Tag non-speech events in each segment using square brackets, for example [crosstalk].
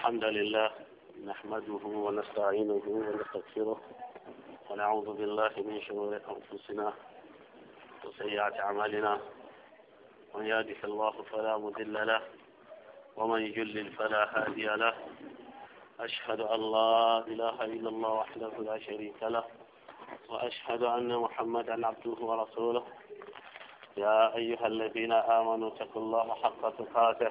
الحمد لله نحمده ونستعينه ونستغفره ونعوذ بالله من شرور أنفسنا وسيئات أعمالنا من يهده الله فلا مضل له ومن يجلل فلا هادي له أشهد أن لا إله إلا الله وحده لا شريك له وأشهد أن محمدا عبده ورسوله يا أيها الذين آمنوا اتقوا الله حق تقاته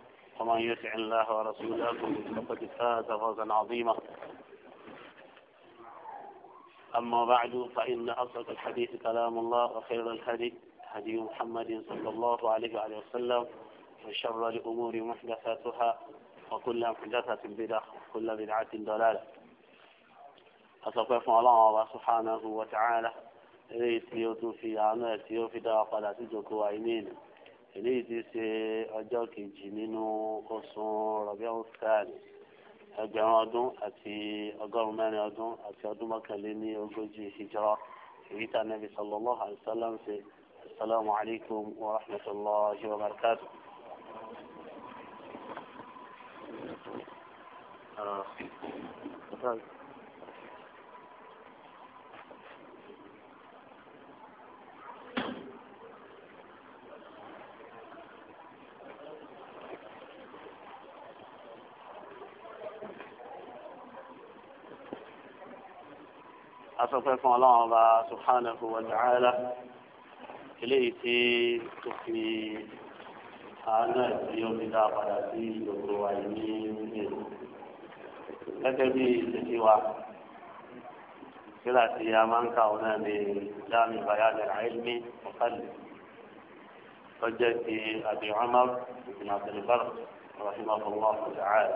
ومن يطع الله ورسوله فقد فاز فوزا عظيما أما بعد فإن أصدق الحديث كلام الله وخير الهدي هدي محمد صلى الله عليه وآله وسلم وشر الأمور محدثاتها وكل محدثة بدعة وكل بدعة ضلالة أصدقكم الله سبحانه وتعالى ليس يوتو في عمل يوفي في دعوة لا تجوك eléyìí ti ṣe ọjọ́ kejì nínú oṣù rọ̀bíọ́n sáàlì ẹgbẹ̀rún ọdún àti ọgọ́rùn-ún mẹ́rin ọdún àti ọdún mọ́kànlé ní ogójì hijra èyí tá nàbì sallallahu alaihi wasallam ṣe asalaamu alaykum wa rahmatulahi wa barakatu. Thank you. asọ̀fẹ́ fún ọlọ́run ọba subhanahu wa ta'ala eléyìí tí tó fi àánú ẹ̀sìn yóò fi dá padà sí gbogbo wa yìí ní ìlú gẹ́gẹ́ bí ìṣèṣì wa síra tí a máa náà ní dáàmì bayani àìlmi ọ̀kadì tọ́jẹ́ ti àbí Umar ibn Abdul Barr rahimahullah ta'ala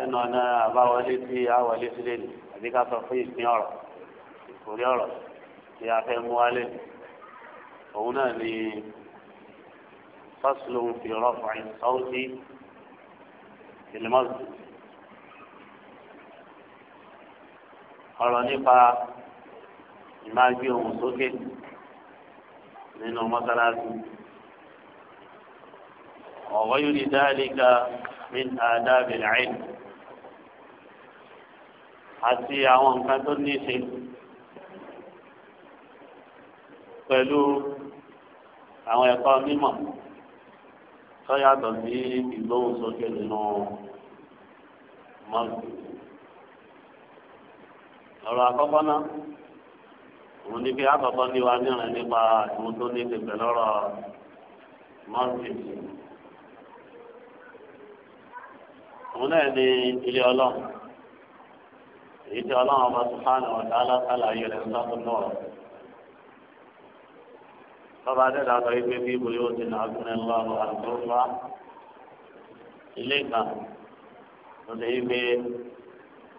ẹnu ọ̀nà àbáwọlé tí a wọlé sílé ni àbí ká sọ fún ìpín ọ̀rọ̀ ìkórè ọ̀rọ̀ tí a fẹ́ mú wálé òun náà ni fásilò ń fi ọ̀rọ̀ fún àìsàwọ́sí ìlímọ́sí ọ̀rọ̀ nípa ìmágbé ohùn sókè nínú mọ́sálásí ọ̀wọ́ yóò di dáálé من آداب العلم àti àwọn nǹkan tó ní í ṣe pẹ̀lú àwọn ẹ̀kọ́ mímọ̀ tó yàtọ̀ sí ìgbóhùnsókè nínú mọ́ọ̀sì. ọ̀rọ̀ àkọ́kọ́ náà òun ni bí àkọ́kọ́ ní wa níran nípa ìmútóníṣe pẹ̀lú ọ̀rọ̀ mọ́ọ̀sì. òun náà ní ilé ọlọ́run èyí tí ọlọ́run ọba sùpáànù ọ̀dà alásàlà yìí rẹ̀ ń sọ́tún náà tọ́ba dẹ́dà sọ wípé bí ibo yóò ti nàá gúnlẹ̀ lọ́wọ́ àdúrà ilé kan lọ́dọ̀ yìí pé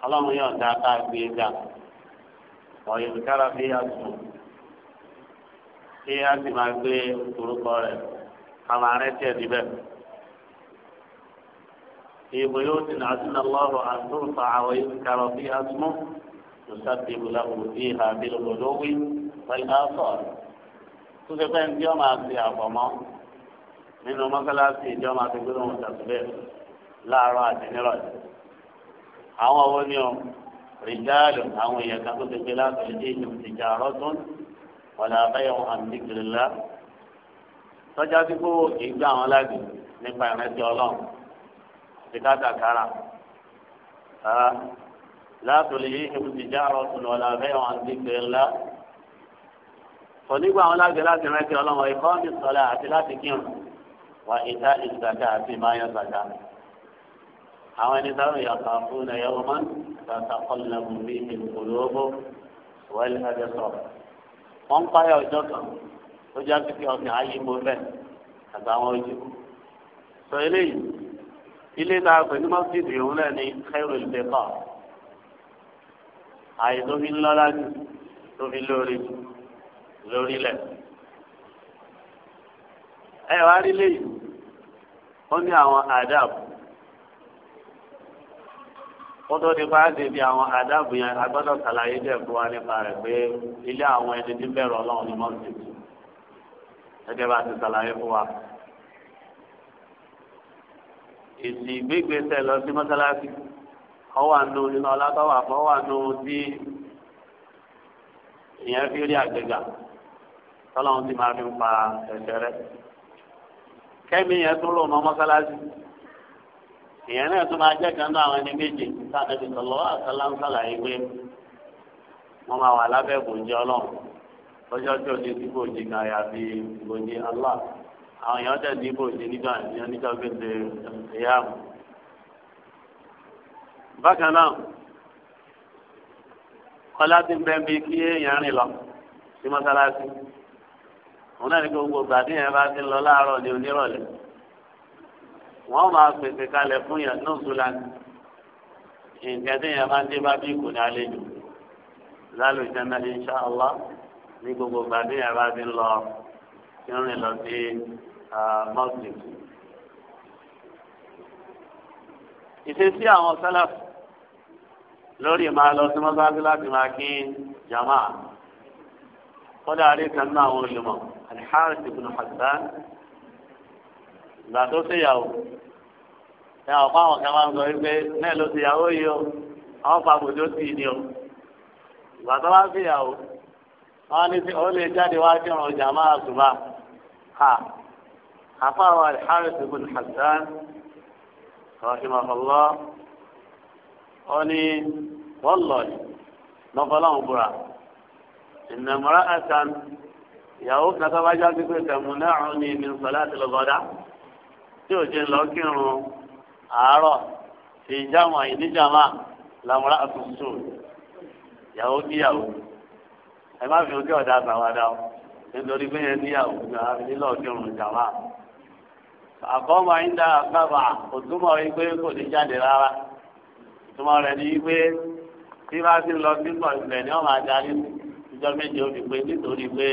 ọlọ́run yóò dá ká gbé ga kára bí a sùn a sì máa gbé orúkọ rẹ̀ kàmá rẹ̀ tiẹ̀ níbẹ̀. في بيوت عزم الله أن ترفع ويذكر فيها اسمه يسبب له فيها بالغلو والآثار تسيبين جمعة يا فما من مثلا في جمعة بدون تسبيح لا رأي نرأي àwọn owó ni ọ rìjáàlù àwọn èèyàn kan tó ti gbé láti ilé ìjọba ti jà rọ́tún wàlá abẹ́yẹ̀wò àmìlíkìrìlá tọ́jà tí kò kì í gbà wọn lágbè nípa ìrántí ọlọ́run àti kátàkárà látòlè yìí kí mo ti já ọ̀rọ̀ tó lọ́la bẹ́ẹ̀ wọn ti gbé ńlá. onígbà wọn lágbè láti rẹ́ kí ọlọ́mọ ikọ́ mi sọ̀rọ̀ àti láti kírun wà ìta ìsàkà àti ìmáyọ̀ sàkà. àwọn ẹni táwọn yàtọ̀ fún ẹ̀yọ́ wọn tàtà kọ́lẹ̀ mú bí ìkòlóbó wẹ́lẹ̀ ẹ̀dẹ̀ sọ̀rọ̀. wọ́n páyà ọjọ́ kan ó já kí ọkàn ayé mo bẹ́ẹ̀ àtàwọn ojú. sọ eléyìí ilé tá a pè ní mọ́sídìí ìrún náà ní kẹrù ìbẹ́kọ̀ àyè tó fi ń lọ́lá jù tó fi lórí lórí lẹ̀. ẹ wá rí léyìí ó ní àwọn adab ó tó nípa débi àwọn adab yẹn agbọ́dọ̀ sàlàyé dẹ̀ fún wa nípa rẹ̀ pé ilé àwọn ẹni tí bẹ̀rù ọlọ́run ní mọ́sídìí gẹ́gẹ́ bá ti sàlàyé fún wa. èsì ìgbégbèsè lọ sí mọ́sálásí ọwọ́ àánú nínú ọlátọ́wà fún ọwọ́ àánú tí ìyẹn fi rí àgbéga tọ́lọ́run ti máa fi ń pa ẹ̀ṣẹ̀ rẹ. kẹ́mi yẹn tún lò mọ́ mọ́sálásí ìyẹn náà tún máa jẹ́ àwọn ẹni méje sọ̀lọ́ yìí pé wọ́n máa wà lábẹ́ ìbòjì ọlọ́run àwọn èèyàn tẹ̀ ní ibò ṣe nígbà ènìyàn níjọ́ gbèsè ìyáàmù. bákan náà kọ́lá ti bẹ́ẹ̀ bí kí èèyàn rìn lọ sí mọ́sálásí òun náà ní gbogbo ìgbà tí èèyàn bá ti lọ láàárọ̀ ní onírọ̀lẹ́ wọ́n máa pèsè kalẹ̀ fún yàn náà sùlá nǹkan tí èèyàn máa ń dé bá bí kò ní àlejò lálùjẹ́ náà inṣáàlá ní gbogbo ìgbà tí èèyàn bá ti lọ kí lọ sí muslim. ìṣesí àwọn sálàf lórí máa lọ sí mọ́sáàsì láti máa kí jama kódà rí kan náà àwọn olùmọ̀ alḥaris ibn hasan ìgbà tó ṣèyàwó ẹ ọ̀pọ̀ àwọn kan máa ń sọ wípé náà ló ṣèyàwó yìí o àwọn pàbòjò sì ni o ìgbà tó bá ṣèyàwó wọn ní ó lè jáde wá sí ọ̀rọ̀ jama ha. حفاظ الحارث بن حسان رحمه الله أني والله ما فلان برا إن امرأة يهود نتواجه بكل تمنعني من صلاة الغداء توجد لكن أرى في جمع نجمع لامرأة السود يهود يهود ẹ má fi ojú ọ̀dà àtàwọn adáwọ̀ nítorí pé yẹn níyàwó gbà nílò ọdún ìjàmbá àkọ́mọ ayíǹda àgbàfà kò túmọ̀ wípé kò ní jáde rárá túmọ̀ rẹ̀ ni wípé tí bá ti lọ sí pọ̀ ìbẹ̀ ni wọ́n máa darí ìjọ méje ó fi pé nítorí pé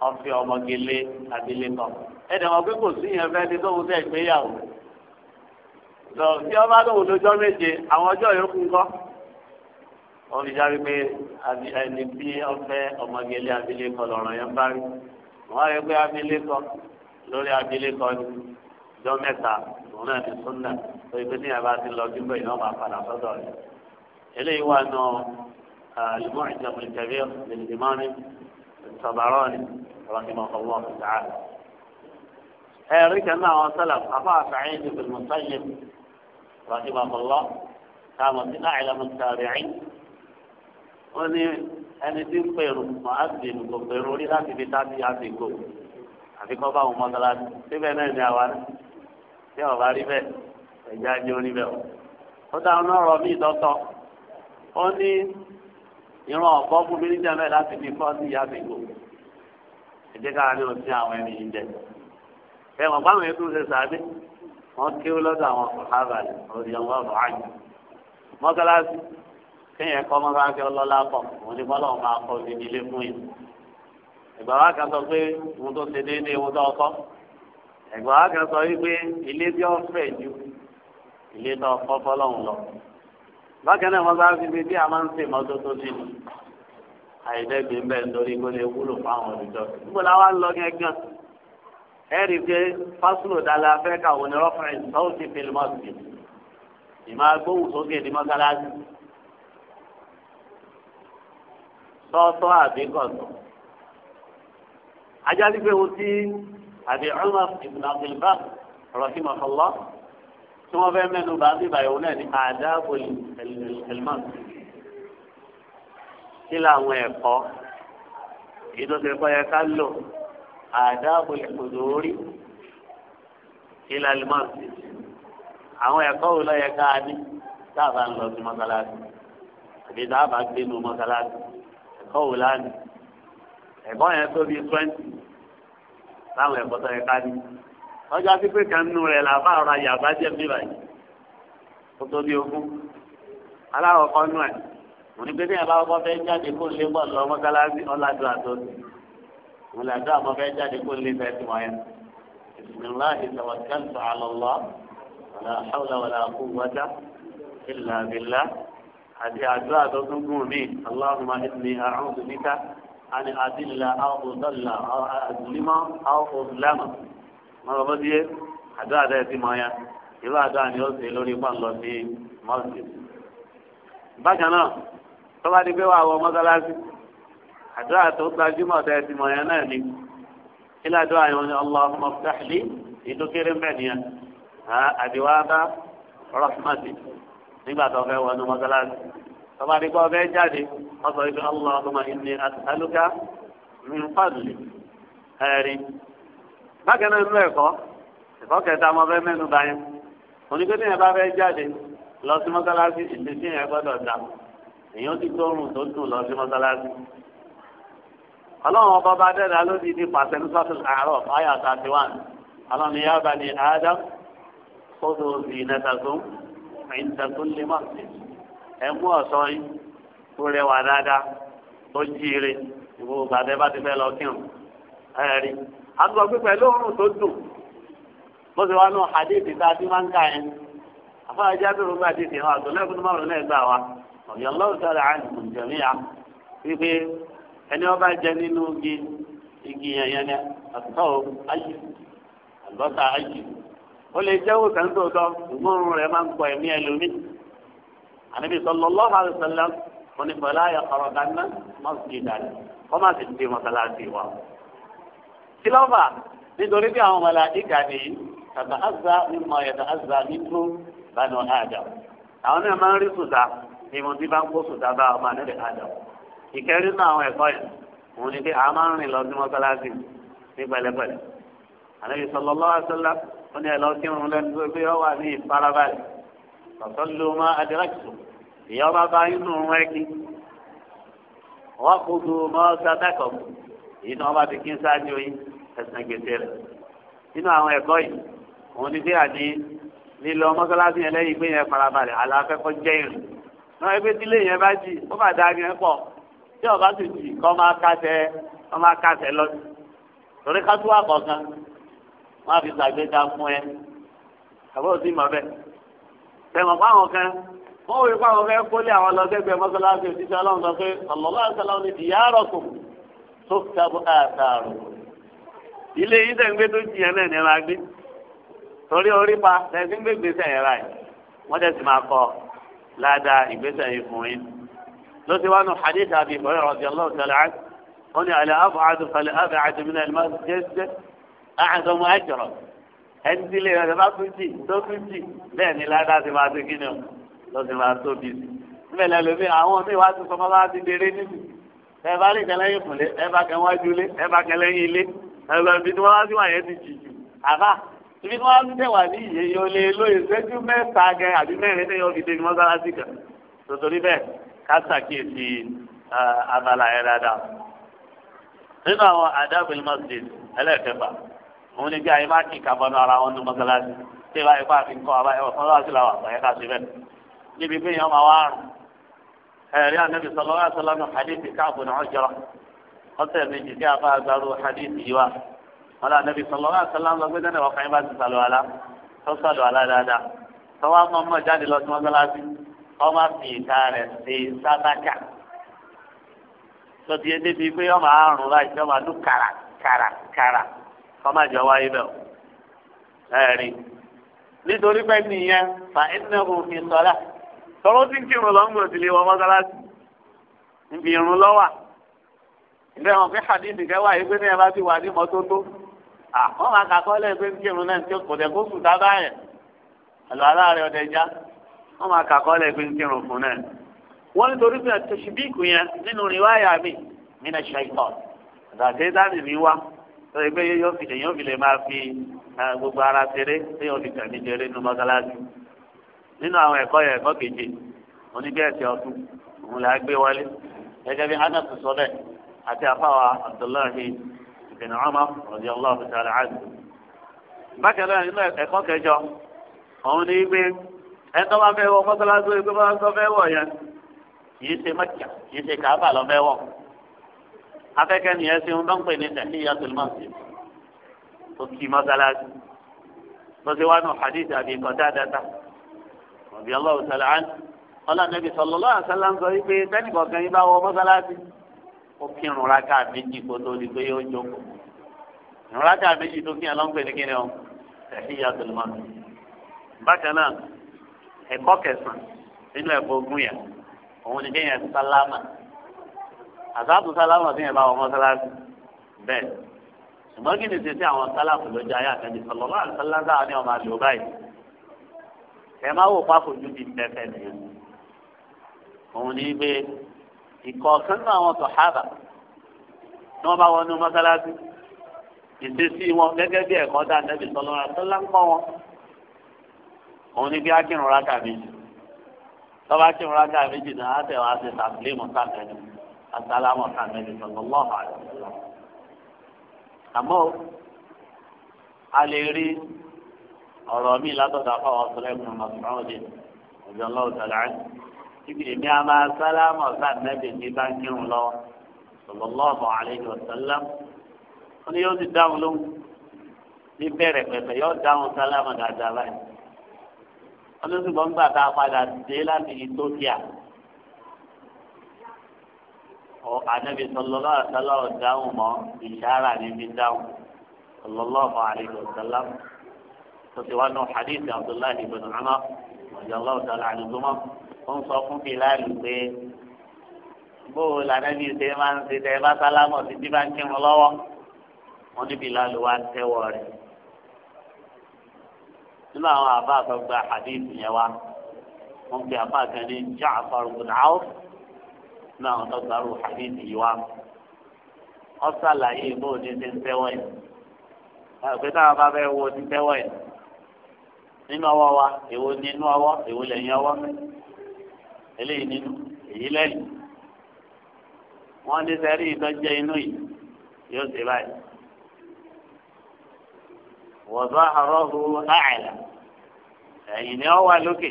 wọ́n fi ọmọge lé abilékọ. ẹ̀dẹ̀ wọn pé kò sí yẹn fẹ́ ní tóun tẹ̀ gbéyàwó. lọ sí ọba tóun lójọ́ méje àwọn ọjọ́ yòókù ńkọ́. wọ́n wípé ẹni bí ọfẹ́ ọmọge lé abilékọ lọ́rọ̀ yẹn bá rí. wọ́n á rí pé abilékọ lórí abilékọ ni jọ mẹ́ta òun náà ti súnà tó ibi ní àbá ti lọ gbígbẹ́ yìí wọ́n máa padà sọ́dọ̀ rẹ̀. eléyìí wà nù àlùmọ́ ìjọba ìjẹ̀bí ìdìmọ́ni ìtọ̀bárọ́ni rahimahullah ta'ala. ẹ̀rí kẹ́nu àwọn sálà afá àfààyàn ní bìrì mùsáyìn rahimahullah táwọn sí náà ìlànà tààrẹ̀ẹ́ wọ́n ní ẹni tí ń pèrò máa ń dènù pèrò orí láti fi tá a ti àsìkò àfikọ́ bá wọn mọ́tàlá síbẹ̀ náà ní àwa náà tí ọba rí bẹ́ẹ̀ ẹ̀já jẹ́ orí bẹ́ẹ̀ o ó dá ọ̀nà ọ̀rọ̀ míì dọ́tọ̀ ó ní ìran ọ̀pọ̀ fún mi níjà mẹ́ẹ̀ láti fi fọ́ sí ìyá mi gbò ẹ̀jẹ̀ kára ní òsín àwọn ẹni yìí jẹ ẹ mọ̀ báwọn ètò ṣe sáré wọ́n ké lọ́dọ̀ àwọn sọ̀hábà òdì ọ̀wọ́ ọ̀rọ̀ àjù mọ́kálásí kéèyàn kọ́ mọ́kálásí ọlọ́lá pọ̀ òun ni bọ́lá ọ̀ma kọ́ ìdílé fún yìí ìgbà wa kan sọ pé òun tó ṣe déédéé òun tó ọkọ́ ẹ̀gbọ́n wa kan sọ wípé ilé tí wọ́n fẹ̀ ju ilé tó fọ́fọ́ lọ́hùn lọ. bákan náà wọ́n bá fi fi bí a máa ń sè mọ́tótó sí ni àìdẹ́gbẹ̀ ń bẹ̀ nítorí kó lè wúlò fáwọn olùjọ́. níbo la wá ń lọ gángan ẹ rí i pé fásilò dala fẹ́ káwọn ní rọ́fẹ̀rẹ̀ sọ́ọ̀tì fílmọ́sì ìmọ̀ agbóhùn sókè ní mọ́sálásí tọ́tọ́ àbíkọ̀tọ̀ ajá sí pé o ti àbí Umar ibn Abdul Bar rahimahullah tí wọ́n fẹ́ mẹ́nu bá bí bàyọ̀ náà ní àdáàbò ìlmọ́n kí làwọn ẹ̀kọ́ èyí tó ti kọ́ yẹ ká lò àdáàbò ìkòdórí kí làlmọ́n àwọn ẹ̀kọ́ wo ló yẹ ká ní dáàbà ń lọ sí mọ́sálásí àbí dáàbà gbénu mọ́sálásí ẹ̀kọ́ wo lánìí ẹ̀kọ́ yẹn tó bí twenty láwọn ẹ̀kọ́ tó yẹ ká ní. ọjọ́ àti pé kan nù rẹ̀ làbá ọ̀rọ̀ ayé àbájẹ́ mi báyìí kó tó bí ogún. aláwọ̀ kan nù ẹ̀ òní pé bí ẹ̀bá ọkọ̀ fẹ́ jáde kó lé bọ̀ lọ mọ́kálásí ọ̀làdùn àtọ́sí. ọ̀làdùn àmọ́ fẹ́ jáde kó lé fẹ́ tiwọn yẹn. bisimilahi tawakkaltu ala Allah wala hawla wala quwwata àni àdìlà àwòdàlà àdìlímọ àwòdàlámà wọn lọ bọ sí àdó àdá ẹtì mọ ya irú àdó àni ó ṣe lórí pọn lọ sí mọsí. bákan náà tó bá di pé wàá wọ mọ́sálásí àdó àtó gbajúmọ̀ ọ̀dà ẹtì mọ ya náà ni ilé àdó àyàn ni ọlọ́mọ fẹ́ẹ́lì ìdókèrè ń bẹ̀ nìyẹn àdìwá bá rọ́ṣmàtì nígbà tó fẹ́ wọnú mọ́sálásí tọ́ba àdìgbò ọbẹ̀ jáde wọ́n sọ ibi Allahumma inni as'aluka min fadlik ẹ̀rí. bákan náà nínú ẹ̀kọ́ ẹ̀kọ́ kẹta ọmọ fẹ́ mẹ́nu bá yẹn onígbẹ́tẹ̀ yẹn bá fẹ́ jáde lọ sí mọ́sálásí ìdísí yẹn gbọ́dọ̀ dà èèyàn ti tóorùn tó dùn lọ sí mọ́sálásí. ọlọ́run ọba bá dẹ́rẹ́ alódì ní pàṣẹ ní sọ́tún àárọ̀ ayà thirty one ọlọ́run yá ẹ mú ọ̀sán yín tó rẹwà dáadáa tó jíire ìwọ bàbá bá ti fẹ́ lọ kírun ẹ̀rí àtúntò pípẹ́ lóòrùn tó dùn bó ṣe wá nù hadith tá a ti máa ń kà yẹn afáàjì abirùn bá hadith yẹn wà tó lẹ́kùn máa rún lẹ́gbàá wa ọ̀yọ́ lọ́wọ́ sọ̀rọ̀ àìsàn jẹ̀míyà wípé ẹni ọba jẹ nínú igi igi yẹn yẹn ni àtúntò ayé àlùbọ́sà ayé ó lè jẹ́ òsàn tó tọ́ ìgbóhùn rẹ̀ máa ń pọ̀ ẹ̀mí ẹlòmíì ànábì sallallahu alaihi wasallam wọn ni bọlá yà kọrọ dáná masjidan wọn má sì dé mọ́sálásí wa. sílọ́fà nítorí bí àwọn màláíkà ni tàbí àzá mímọ yàtọ̀ àzá nínú banu adam àwọn náà máa ń rí sùdà ni mo ti bá ń kó sùdà bá ọmọ ànábì adam ìkẹrin náà àwọn ẹ̀kọ́ yẹn òun ni pé a máa ń rìn lọ sí mọ́sálásí ní pẹ̀lẹ́pẹ̀lẹ́ ànábì sallallahu alaihi wasallam wọn ni ẹ lọ kírun lẹ́nu pé ó wà ní ìfarabalẹ̀ fasallu ma adraktum ìyá ọba bá inú wọn kí wọn kò tó mọ sadakọ èyí náà wọn bá ti kí n ṣáájú yín ẹsẹ gbèsè rẹ nínú àwọn ẹ̀kọ́ yìí òun ni bí àní lílọ mọ́sálásí yẹn lẹ́yìn ìgbé yẹn farabalẹ̀ àlàáfẹ́kọ́ jẹ́ ìrìn náà ẹgbẹ́ tílé yẹn bá jì ó bá dáa yẹn pọ̀ tí ọba sì jì kọ́ máa kásẹ̀ kọ́ máa kásẹ̀ lọ sí torí kátó àkọ́kan wọn á fi ṣàgbéga fún ẹ àbúrò tí mọ̀ bẹ́ẹ̀ tẹ̀wọ̀n fáwọn kan wọ́n wí fáwọn kan kólé àwọn lọ́sẹ̀gbẹ̀ mọ́sálásí òṣìṣẹ́ ọlọ́run sọ pé ọ̀lọ́lá ìṣẹ́lá ní ìyáàrọ̀ kò tó tabu àtàrò. ilé yìí tẹ̀ ń gbé tó jì yẹn náà ní ẹ̀rọ agbé torí orí pa tẹ̀sí ń gbé gbèsè yẹn ráì wọ́n tẹ̀sí máa kọ ládàá ìgbésẹ̀ yìí fún yín. ló ti wá nu hadith àbí ìfọ̀yọ̀ rọ̀bì ọlọ́run tẹ̀lé àti ní àlẹ́ àbọ̀ àti fàlẹ́ àbẹ̀ ẹni tí ilé rẹ̀ ló bá tún jì tó tún jì bẹ́ẹ̀ ni ládàá ti máa ṣe kí ni o ló ti máa tóbi sí níbẹ̀ lẹ́nu mi àwọn míì wá ti sọ fún wa ti dèrè níbi ẹ bá rí kẹlẹ́ yìí fúnlé ẹ bá kẹ wájú ilé ẹ bá kẹlẹ́ yìí ilé ẹ bá ibi tí wọ́n wá sí wà yẹn ti jì jù àbá ibi tí wọ́n wá sí tẹ̀wà ní ìyè yóò lè lo ìṣẹ́jú mẹ́ta gẹ àbí mẹ́rin tẹ̀yọ́ fi dé ní kan tòtòrí bẹ́ẹ̀ ká ṣàkíyèsí abala òun ni bí ayé má kí kábọ́nù ara wọn ní mọ́sálásí tí ìbá ipá fi kọ́ abáyé wọ̀ mọ́sálásí làwọn àgbáyé ká sí bẹ́ẹ̀ níbi pé èèyàn máa wá rùn ẹ̀rí ànábì sọlọ́ wá sọlọ́ nù hadithi káàbù ní ọjọ́ ọ̀sẹ̀ méjì tí a bá gbàrú hadithi yìí wá wọn lọ ànábì sọlọ́ wá sọlọ́ lọ gbé dẹ́nà ọkàn yín bá ti sàlù àlá tó sàlù àlá dáadáa kọ́májọ wáyé bẹ́ẹ̀ ẹ̀rí nítorí pé nìyẹn fa iná òfin sọ́lá tọ́lọ́ tí ń kírun lọ́ngbọ̀n ti lè wọ mọ́sálásí níbi irun lọ́wà ilé wọn fi hàdí nìkẹ́ wáyé pé ní ẹ bá ti wà ní mọ́tótó àwọn máa kà kọ́lẹ̀ pé ń kírun náà tí kò dẹ̀ kó sùn dábà yẹn àlọ́ aláàrẹ̀ ọ̀dẹ̀ já wọ́n máa kà kọ́lẹ̀ pé ń kírun fún náà wọ́n nítorí pé tẹ̀síbíìkù yẹn nínú ìwáyà mi mí sọ pé yóò fi èèyàn fi lè máa fi gbogbo ara ṣeré téèyàn fi tẹ̀mí ṣeré nínú mọ́sálásí nínú àwọn ẹ̀kọ́ yẹn ẹ̀kọ́ keje oníbẹ̀ẹ̀sì ọdún òun là á gbé wọlé gẹ́gẹ́ bí anas sọ bẹ́ẹ̀ àti afáwa abdullahi ibn umar radiyallahu ta'ala anhu. bákan náà nínú ẹ̀kọ́ kẹjọ òun ni pé ẹ̀tọ́ máa fẹ́ wọ mọ́sálásí pé afẹ́kẹ́ nìyẹn ṣe ń dọ́npẹ̀ ní tahiyatul masjid tó kì í mọ́sálásí lọ́sẹ̀ wá nù hadith Abi Qatadata radiyallahu ta'ala anhu ọlọ́run níbi sallallahu alaihi wasallam sọ wípé tẹ́nìkọ̀ọ̀kan yín bá wọ mọ́sálásí ó kí ìrùnraká méjì kó tó di pé yóò jókòó ìrùnraká méjì tó kí ẹlọ́npẹ̀ ní kíni ọ tahiyatul masjid bákan náà ẹ̀kọ́ kẹsàn-án nínú ẹ̀kọ́ ogun yẹn òun ni kéèyàn sálámà àsáàtù sálámù sí yẹn bá wọn mọ́sálásí bẹ́ẹ̀ ṣùgbọ́n kí ni ṣe sí àwọn sálámù lójú ayé àtẹ̀jù sọlọ́lá àtàlánsá ni ọmọ àlò báyìí ẹ má wò pákó ju ti tẹ́fẹ́ nìyẹn òun ní pé ìkọ̀ọ̀kan náà àwọn sọ̀hábà tí wọ́n bá wọnú mọ́sálásí ìṣesí wọn gẹ́gẹ́ bí ẹ̀kọ́ dá nẹ́bí sọlọ́lá àtàlá ń kọ́ wọn òun ní bí akínrun asálámọ̀ kàmẹ́lì sallallahu alaihi wasallam. àmọ́ a lè rí ọ̀rọ̀ mi látọ̀dọ̀ afọ́ ọ̀sọ̀lẹ́kùn mọ̀sùlùmí ọ̀jọ̀ lọ́wọ́ tẹ̀lé ibi èmi a máa sálámọ̀ sàmẹ́bì ní báńkì ń lọ sallallahu alaihi wasallam. wọ́n ní yóò ti dáhùn lóhùn ní bẹ̀rẹ̀ pẹ̀pẹ̀ yóò dáhùn sálámọ̀ dáadáa báyìí. wọ́n ní ṣùgbọ́n gbà tá a padà dé láti Ethiopia ànábì sọlọ́lá àtàlà ọ̀dáhùn mọ́ ìṣàrà níbi dáhùn sọlọ́lá ọmọ àlejò ọ̀sálà tó ti wá nù hadith abdullahi ibn umar ọ̀jọ̀lá ọ̀sálà àdúgbòmọ́ ó ń sọ fún bíláàlì pé bóò lànàbì ṣe máa ń ṣe tẹ́ bá sálámọ̀ sí bí bá ń kírun lọ́wọ́ wọn ní bíláàlì wá tẹ́wọ́ rẹ̀ nínú àwọn àbá àtọ́gbà hadith yẹn wa wọn pe àbá kan ní jáfar bin ní àwọn tó gbàrú àdéhùn yìí wá ọ sàlàyé bó o ní ṣe ń tẹ́wọ́ yìí àgbẹ̀ táwọn bá fẹ́ wo ti tẹ́wọ́ yìí nínú ọwọ́ wa èwo ni inú ọwọ́ èwo lẹ́yìn ọwọ́ eléyìí nínú èyí lẹ́yìn wọ́n ní sẹ́rí ìtọ́jẹ inú yìí yóò ṣe báyìí wọ́dọ̀ àrọ́hu àìlà ẹ̀yìn ni ọ wà lókè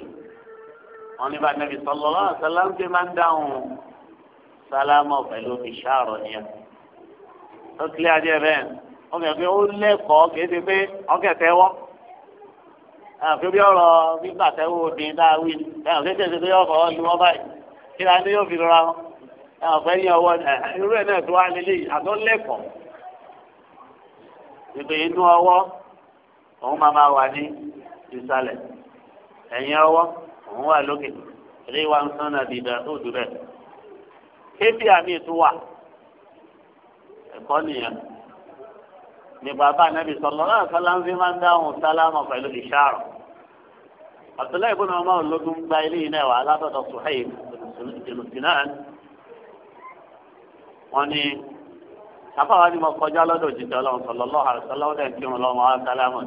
wọ́n ní bá nàbì sallallahu alaihi wasallam máa ń dáhùn sálámọ̀ pẹ̀lú ìṣàrọ̀ ni ẹ̀. ó kílẹ̀ adé bẹ́ẹ̀ ọkẹ́ pé ó lẹ́kọ̀ọ́ kìí ṣe pé ọkẹ́ tẹ́wọ́ àfi bí ọ̀rọ̀ gbígbà tẹ́wọ́ òdin dáa wí ẹ̀ ọ̀kẹ́ tẹ̀sí pé ọkọ̀ lu wọ́n báyìí kí la ní yóò fi rọra wọn ẹ̀ ọ̀fẹ́ ní ọwọ́ irú ẹ̀ náà tó wá lélẹ̀ àtọ́ lẹ́kọ̀ọ́ ìpè inú ọwọ́ òun máa máa wà ní ìsàlẹ̀ ẹ̀yìn ọwọ́ òun wà lókè eléyìí wà ń sọ́nà dìda tó dùn bẹ́ẹ̀ kébì àmì tún wà ẹ̀kọ́ nìyẹn nípa bá anábì sọlọ náà sáláńsì máa ń dáhùn sálámà pẹ̀lú ìṣàrọ̀ àtúlẹ̀ ìbùnà ọmọ ológun gba ilé iná ẹ̀wà alátọ̀dọ̀ sùhẹ́yì jùlùsìnáàn wọn ni afáwa ni mo kọjá lọ́dọ̀ òjijì ọlọ́run sọlọ lọ́wọ́ àrùsọ́lọ́ ọ̀dẹ̀ kí wọn lọ́mọ wá sálámà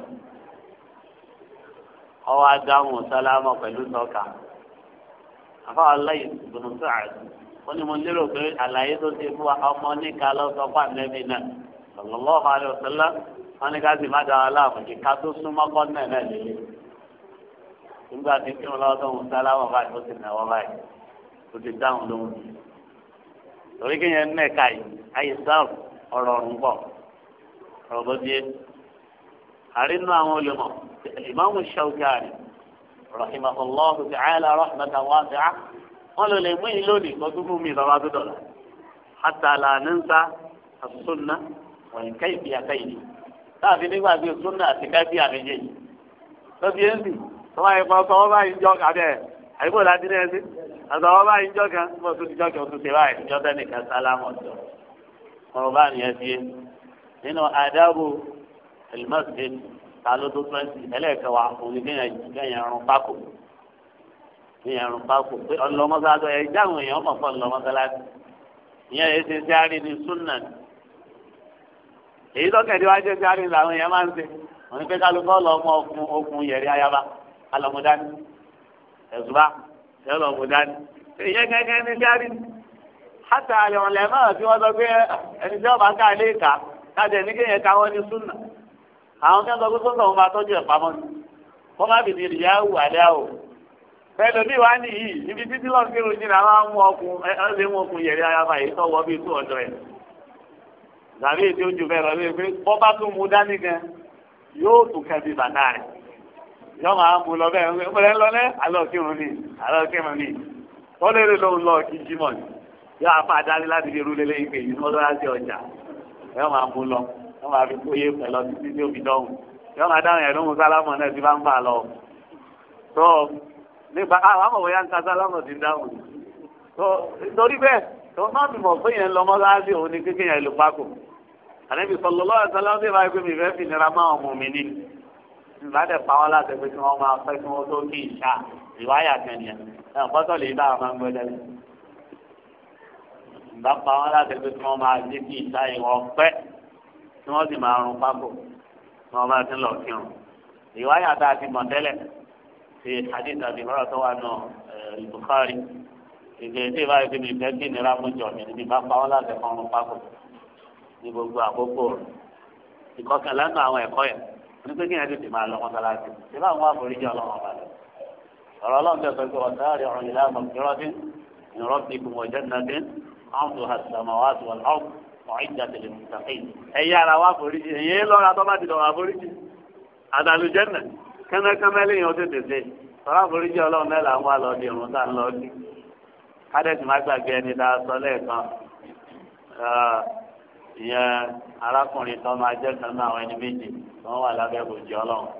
ọwọ́ adáhùn sálámà pẹ̀lú sọ́kà afáwa lẹ́yìn ìbùnà sọ́kà ó ní mo lérò pé àlàyé tó ti fún wa ọmọ níka lọ́sọ̀ fún ànẹ́bí náà sallallahu alaihi wasallam wọn ní ká sì má dára láàmú kí ká tó súnmọ́ kọ́nà náà nílé nígbà tí kí wọn lọ́wọ́ tó ń sá láwọn báyìí ó sì náwó báyìí ó ti dáhùn lóhùn torí kí yẹn mẹ́ka yìí ayé sáàrù ọ̀rọ̀ ọ̀rùn pọ̀ ọ̀rọ̀ bó di é àrínú àwọn olùmọ̀ ìmáàmù wọn lò lè mú yìí lónìí kó tó fún mi bàbá tó dọ̀la àtàlà nínsá àsúnà wọ̀nyí káyìí àkáyìí láàfin nígbà tí súnà àti káyìí àmẹjẹ yìí lọ́sí yẹn sì tọ́wọ́ yẹn kọ́ sọ́wọ́ báyìí jọ kàbẹ́ àyíkó láti ní ẹsẹ̀ àtọ́wọ́ báyìí jọ kan bó tó ti jọ kan tó ti báyìí jọ tẹ́ nìkan sálámọ̀ jọ ọ̀rọ̀ bá nìyẹn ti yé nínú àdábò ẹlẹ́mọ̀sí ta ló tó twenty ẹlẹ́ẹ̀kẹwàá òun ni kéèyàn rún pákó ìyẹn àrùn pákó pé ọlọmọsáàtọ ẹ jáwọn èèyàn mọ̀ fún ọlọmọsáàtọ ìyẹn èyí ṣe járe ní súnà èyí lọ́kẹ̀dé wájú járe làwọn èèyàn máa ń ṣe wọn ní pé kálukọ́ ọlọmọ okun okun yẹ̀rí ayaba alọmọdání ẹ̀zùbá ẹlọmọdání ìyẹn gẹ́gẹ́ ní járe hátà àlẹ́ ọ̀lẹ́ náà tí wọ́n sọ pé ẹni tí ọba ká lè kà kájẹ ní kéèyàn ká wọ́n ní súnà àwọn kẹ́ńtọ́ gbé sọ́sọ́ wọn máa tọ́jú ẹ̀ pamọ́ ni wọ́n bìbí ìyá wù alẹ́ àwò pẹ̀lú bí wàá nìyí ibi títí lọ sí irun jìnnà máa ń mú ọkùn ẹ lé mú ọkùn yẹ̀rí ayaba yìí tọwọ́ bíi tó ọ̀dọ̀ ẹ̀ tàbí èdè ojú bẹ́ẹ̀ lọ lé pé bọ́bá tún mú dání gan yóò tún kẹ́bi bàtà rẹ̀ yọ máa mú lọ bẹ́ẹ̀ ń pẹ́lẹ́ lọ́lẹ́ alọ́kírun ni alọ́kírun ni ó lérè lóun lọ kí jimọ̀ ni yọ apá adarí láti fi rúlé lé ìpè yìí mọ́tò láti ọjà yọ máa mú lọ yọ máa fi kóyè pẹ̀lọ́ títí tí ó fi dọ́hùn yọ máa dáhùn ẹ̀dùn mú sálámù nípa ah, àwọn amọ̀wé yá ń ka sálámù ti dáhùn torí bẹ́ẹ̀ tó má mi mọ̀ fún yẹn lọ́mọ láti òun ni kékeré yẹn lù pákó ànábì sọlọ lọ́wọ́ sálámù ti báyìí pé mi fẹ́ fi nira máa ọmọ mi ní ìbádẹ́ pa wọn láti pé kí wọ́n máa pẹ́ kí wọ́n tó kí ìṣá ìwáyà kẹ́niyà ẹ̀ pọ́tọ́ lè dá àwọn máa ń gbẹ́dẹ́ ìbá pa wọn láti pé kí wọ́n máa في حديث أبي هريرة وأنه البخاري ìgbésẹ̀ báyìí fi mi fẹ́ kí nira mú jọ mi níbi bá pa wọn láti fọ́n wọn pákó ní gbogbo àkókò rẹ̀ ìkọkàn lánàá àwọn ẹ̀kọ́ yẹn ní pé kí yẹn tètè máa lọ mọ́sálásí ṣé báwọn wà forí jẹ́ ọlọ́wọ́n balẹ̀ ọ̀rọ̀ ọlọ́run tẹ̀ pẹ̀lú ọ̀tá rẹ̀ ọ̀rọ̀ ìlà mọ̀kìrọ́dín ìrọ́bì kùmọ̀ jẹ́nàdín àwọn tó hà sàmà wà tó wọn ọ̀hún ọ̀hún ìjà tẹ̀lé mùsàkì ẹ̀yà ara wà forí jẹ́ ẹ̀yẹ́ lọ́ra tó bá ti lọ́ra forí jẹ́ àdàlù jẹ́nà kẹ́mẹ́kẹ́mẹ́ lẹ́yìn ọdún tètè sọ̀rọ̀ àforíjì ọlọ́run náà làwọn àlọ́ọ̀dì ọ̀run tá à ń lọ sí kádẹ́sì má gbàgbé ẹni tá a sọ lẹ́ẹ̀kan ìyẹn arákùnrin tó máa jẹ́ kan náà àwọn ẹni méjì tó wà lábẹ́ bòjì ọlọ́run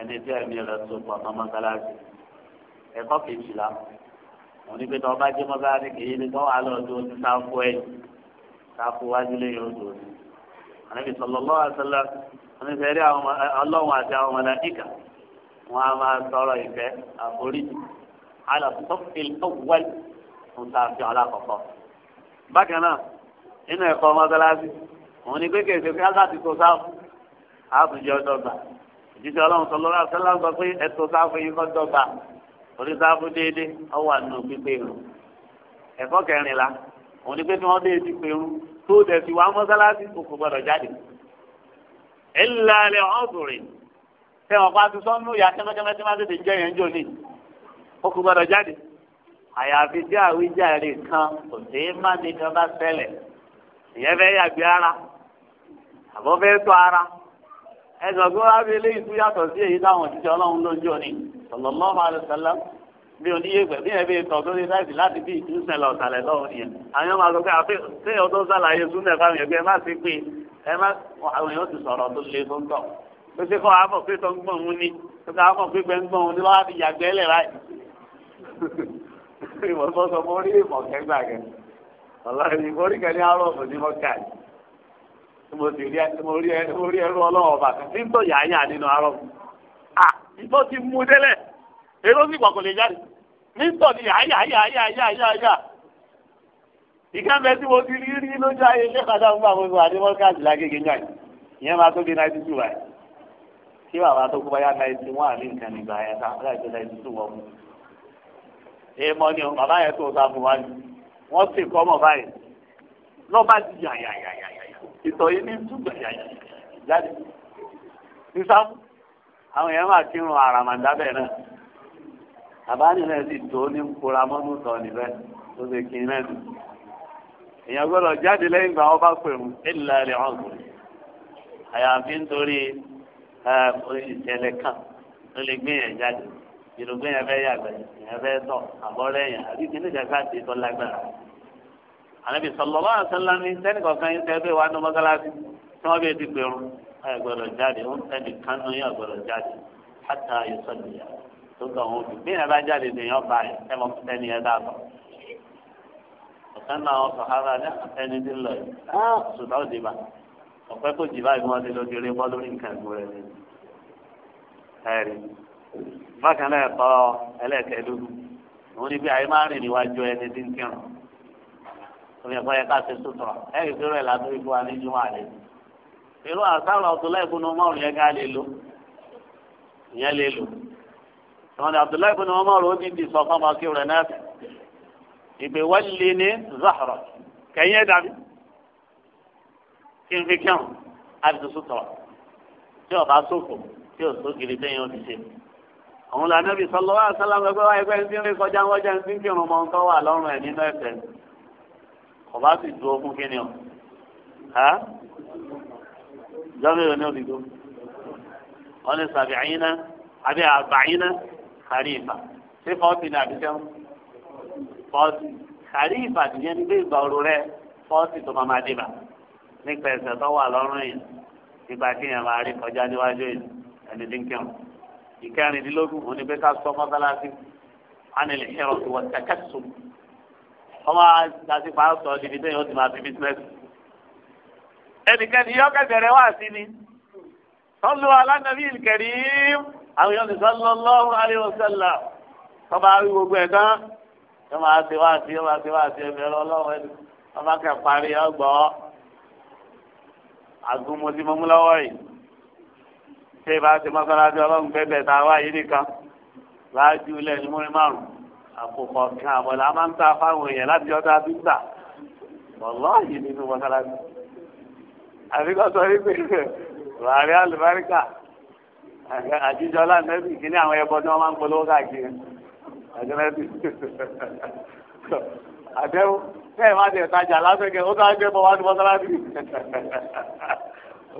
ẹni tí ẹ̀mí rẹ̀ tó pọ̀ tó wọn a máa sọ̀rọ̀ ìfẹ́ àforíjì alàtọ́fìl ọ̀wẹ́l ń ta fi ọ̀la kọ̀kọ́. bákan náà nínú ẹ̀kọ́ mọ́sálásí òun ni kékeré ṣe fi aláàtì tó sáfù àtúnjẹ ọdọgba ìdíje ọlọ́run sọ lọ́la sọ́lá ń sọ pé ẹ̀tọ́ sáfù yìí kọ́ dọ́gba orí sáfù déédéé ọwọ́ àná pípé irun. ẹ̀kọ́ kẹrìnlá òun ni pé tí wọ́n déédéé pé irun tó dẹ̀ ti wá mọ́sálásí kò gbọdọ̀ jáde. ẹ̀ ń lalẹ̀ ọ̀dùnrin tẹ̀wọ̀n pa ti sọ́nù ìyá tẹ́mẹ́tẹ́mẹ́ tí máa tètè ń jẹ́ yẹn ń jò ní ó kú gbọ́dọ̀ jáde àyàfi tí àwíjàre kan kò sí má ní kan bá ṣẹlẹ̀ ìyẹn fẹ́ yàgbé ara àbọ̀ fẹ́ tọ́ ara ẹ̀sọ̀ tó wá bí eléyìí tó yàtọ̀ sí èyí táwọn òṣìṣẹ́ ọlọ́run ló ń jò ní sallallahu alaihi wasallam bí oníyègbè bí ẹbí tọ̀ tó lé láti láti bí ìtúsẹ̀ lọ sàlẹ̀ lọ́wọ́ nìyẹn àwọn ọmọ àlọ́ pé àfi téèyàn tó sàlàyé súnlẹ̀ fáwọn ẹgbẹ́ má ti pé ẹ má àwọn èèyàn ti sọ̀rọ̀ tó le tó ń tọ̀ tó ṣe kọ́ àmọ̀ pé tó ń ni tó ṣe àmọ̀ pé gbẹ̀ ń ni wọ́n á fi yàgbẹ́ lẹ̀ láì. ìwọ̀n tó sọ mórí ìmọ̀ kẹgbà ọlọ́run ìmọ̀rí kẹ ní àárọ̀ ọ̀sán ní mọ́kà yìí mo sì rí ẹrú ọlọ́wọ́ bàtà tí ń tọ̀ yáyà nínú àárọ̀ à ìbọn ti mú délẹ̀ èrò sì pọ̀ kò lè jáde ní tọ̀ ní yáyà yáyà mo ti rí rí lójú ayé ṣé kàdá ń bá àwọn ìwà àdémọ́kà jìlá gègé náà ìyẹn máa tó di náà ti tù wáyé tí bàbá tó kú báyà náìtì wọn àní nǹkan nígbà yẹn tá láì tó náìtì tó wọn mú. èèmọ ni bàbá yẹn tó ta fún ni wọn sì kọ́ ọmọ báyìí lọ́ba ti yàyàyàyàyà ìtọ̀ yìí ní túbọ̀ yàyàyàyà jáde ní sáfù àwọn èèyàn máa ti rún àràmàǹdà bẹ́ẹ̀ náà bàbá ni náà sì tó ní nkóra mọ́nú tọ̀ níbẹ̀ tó ṣe kí náà nù. èèyàn gbọ́dọ̀ jáde lẹ́yìn ìgbà wọn bá pè mú ìṣẹ̀lẹ̀ kan ló lè gbé yẹn jáde ìrògbé yẹn fẹ́ yàgbẹ́ yẹn fẹ́ tọ̀ àbọ̀rẹ́ yẹn àbí kí níjà ká ti tọ́ lágbára. ànábì sọlọ́lá àṣẹlá ní sẹ́ni kọ̀ọ̀kan yín sẹ́ẹ́ bẹ́ẹ̀ wá ní mọ́sálásí tí wọ́n bẹ́ẹ̀ ti pẹ̀rù ẹ̀ gbọ́dọ̀ jáde ó ń sẹ́ni kan ní yàn gbọ́dọ̀ jáde hátà ìsọ̀nìyà tó kàn wọ́n fi bí yẹn bá jáde lèèyàn bá yẹn sẹ́mọ́ sẹ́ni yẹn dàgbọ́. ọ̀sán náà wọ́n ọ̀pẹ́ kò jì báyìí wọ́n ti lọ kéré bọ́ lórí nǹkan ẹ̀gbọ́n rẹ̀ ni. ẹ̀rí bákan náà ẹ̀kọ́ ẹlẹ́ẹ̀kẹ́dógún òun ni bí ayé máa ń rìn níwájú ẹni tí ń kírun omi ẹ̀kọ́ yẹ ká ṣe sùtọ̀ ẹ̀rí tó rẹ̀ látó ikú wa ní jùmọ̀ àlẹ́ irú àṣàrò ọ̀túnlá ìkùnú mọ́rùn yẹn ká lè lò ìyẹn lè lò ìwọ̀n ni Abdullahi ìkùnú mọ́rùn ó ti di sọ fún ọmọ kí rẹ̀ náà ìgbéwọ́lì ní zahra kẹ́yìn ẹ̀dá mi kí n fi kí ọ̀hún àdùsù tọ̀ tí ọba sófò tí ò tó kiri tẹ́yìn ó ti ṣe. àwọn làná bí sọlọ wà sálà gbẹgbẹ wà ẹgbẹ́ ń fi rí kọjá ń wọ́jà ń fi kí ọ̀run mọ ń tọ́ wà lọ́rùn ẹ̀ nínú ẹ̀fẹ̀. ọba sì dúró fún kíni o. jọ́bí rẹ̀ ní òdìgbò. wọ́n lè sàbí àyínná àbí àbàyínná kárí ìfà. ṣé fọ́ọ̀tì ni àbíṣẹ́ fọ́ọ̀tì kárí ìfà nìyẹn ní gbé ìgbà òru rẹ fọ́ọ̀tì tó máa nípa ẹsẹ̀ tó wà lọ́rùn yìí nípa kí yẹn máa rí kọjá níwájú yìí ẹni dínkìn ìkẹrìndínlógún òní pé ká sọ mọ́sálásí ánìlẹ̀ ẹ̀rọ ìwọ̀ kẹkẹ́sù ọmọ àti pàṣọ níbi tẹ́yìn ó ti máa fi bísínẹ́sì. ẹnikẹ́ni yọ kẹsẹ̀rẹ̀ wá sí ni sọ́lù alánàbí ìkẹ̀rí àwọn yọ̀ọ́ nìsọ́lù lọ́wọ́ àríwọ̀sẹ́là tọ́ba gbogbo ẹ̀ tán yọ máa ṣe wá sí yọ máa ṣe wá sí ẹ̀mí ọlọ́wọ́ ẹni ọba agunmọ̀símọ́múláwọ̀ yìí ṣé ìbá ti mọ́sálásí ọlọ́run pẹ́pẹ́ tá a wá yìí nìkan láàájú ilẹ̀ ní múrí márùn àkókò kan àbọ̀là a máa ń ta fáwọn èèyàn láti ọ̀dọ̀ àdúgbà wọ́lọ́ọ̀yì nínú mọ́sálásí àbíkọ́ sọ wípé buhari alùbáríkà àjíjọ lánàbì kíní àwọn ẹbọ tí wọ́n máa ń polówó káàkiri àjọ bẹ́ẹ̀ wá ti ìtajà lásìkò ó dáa gbé bọ́ wá ní mọ́sálásí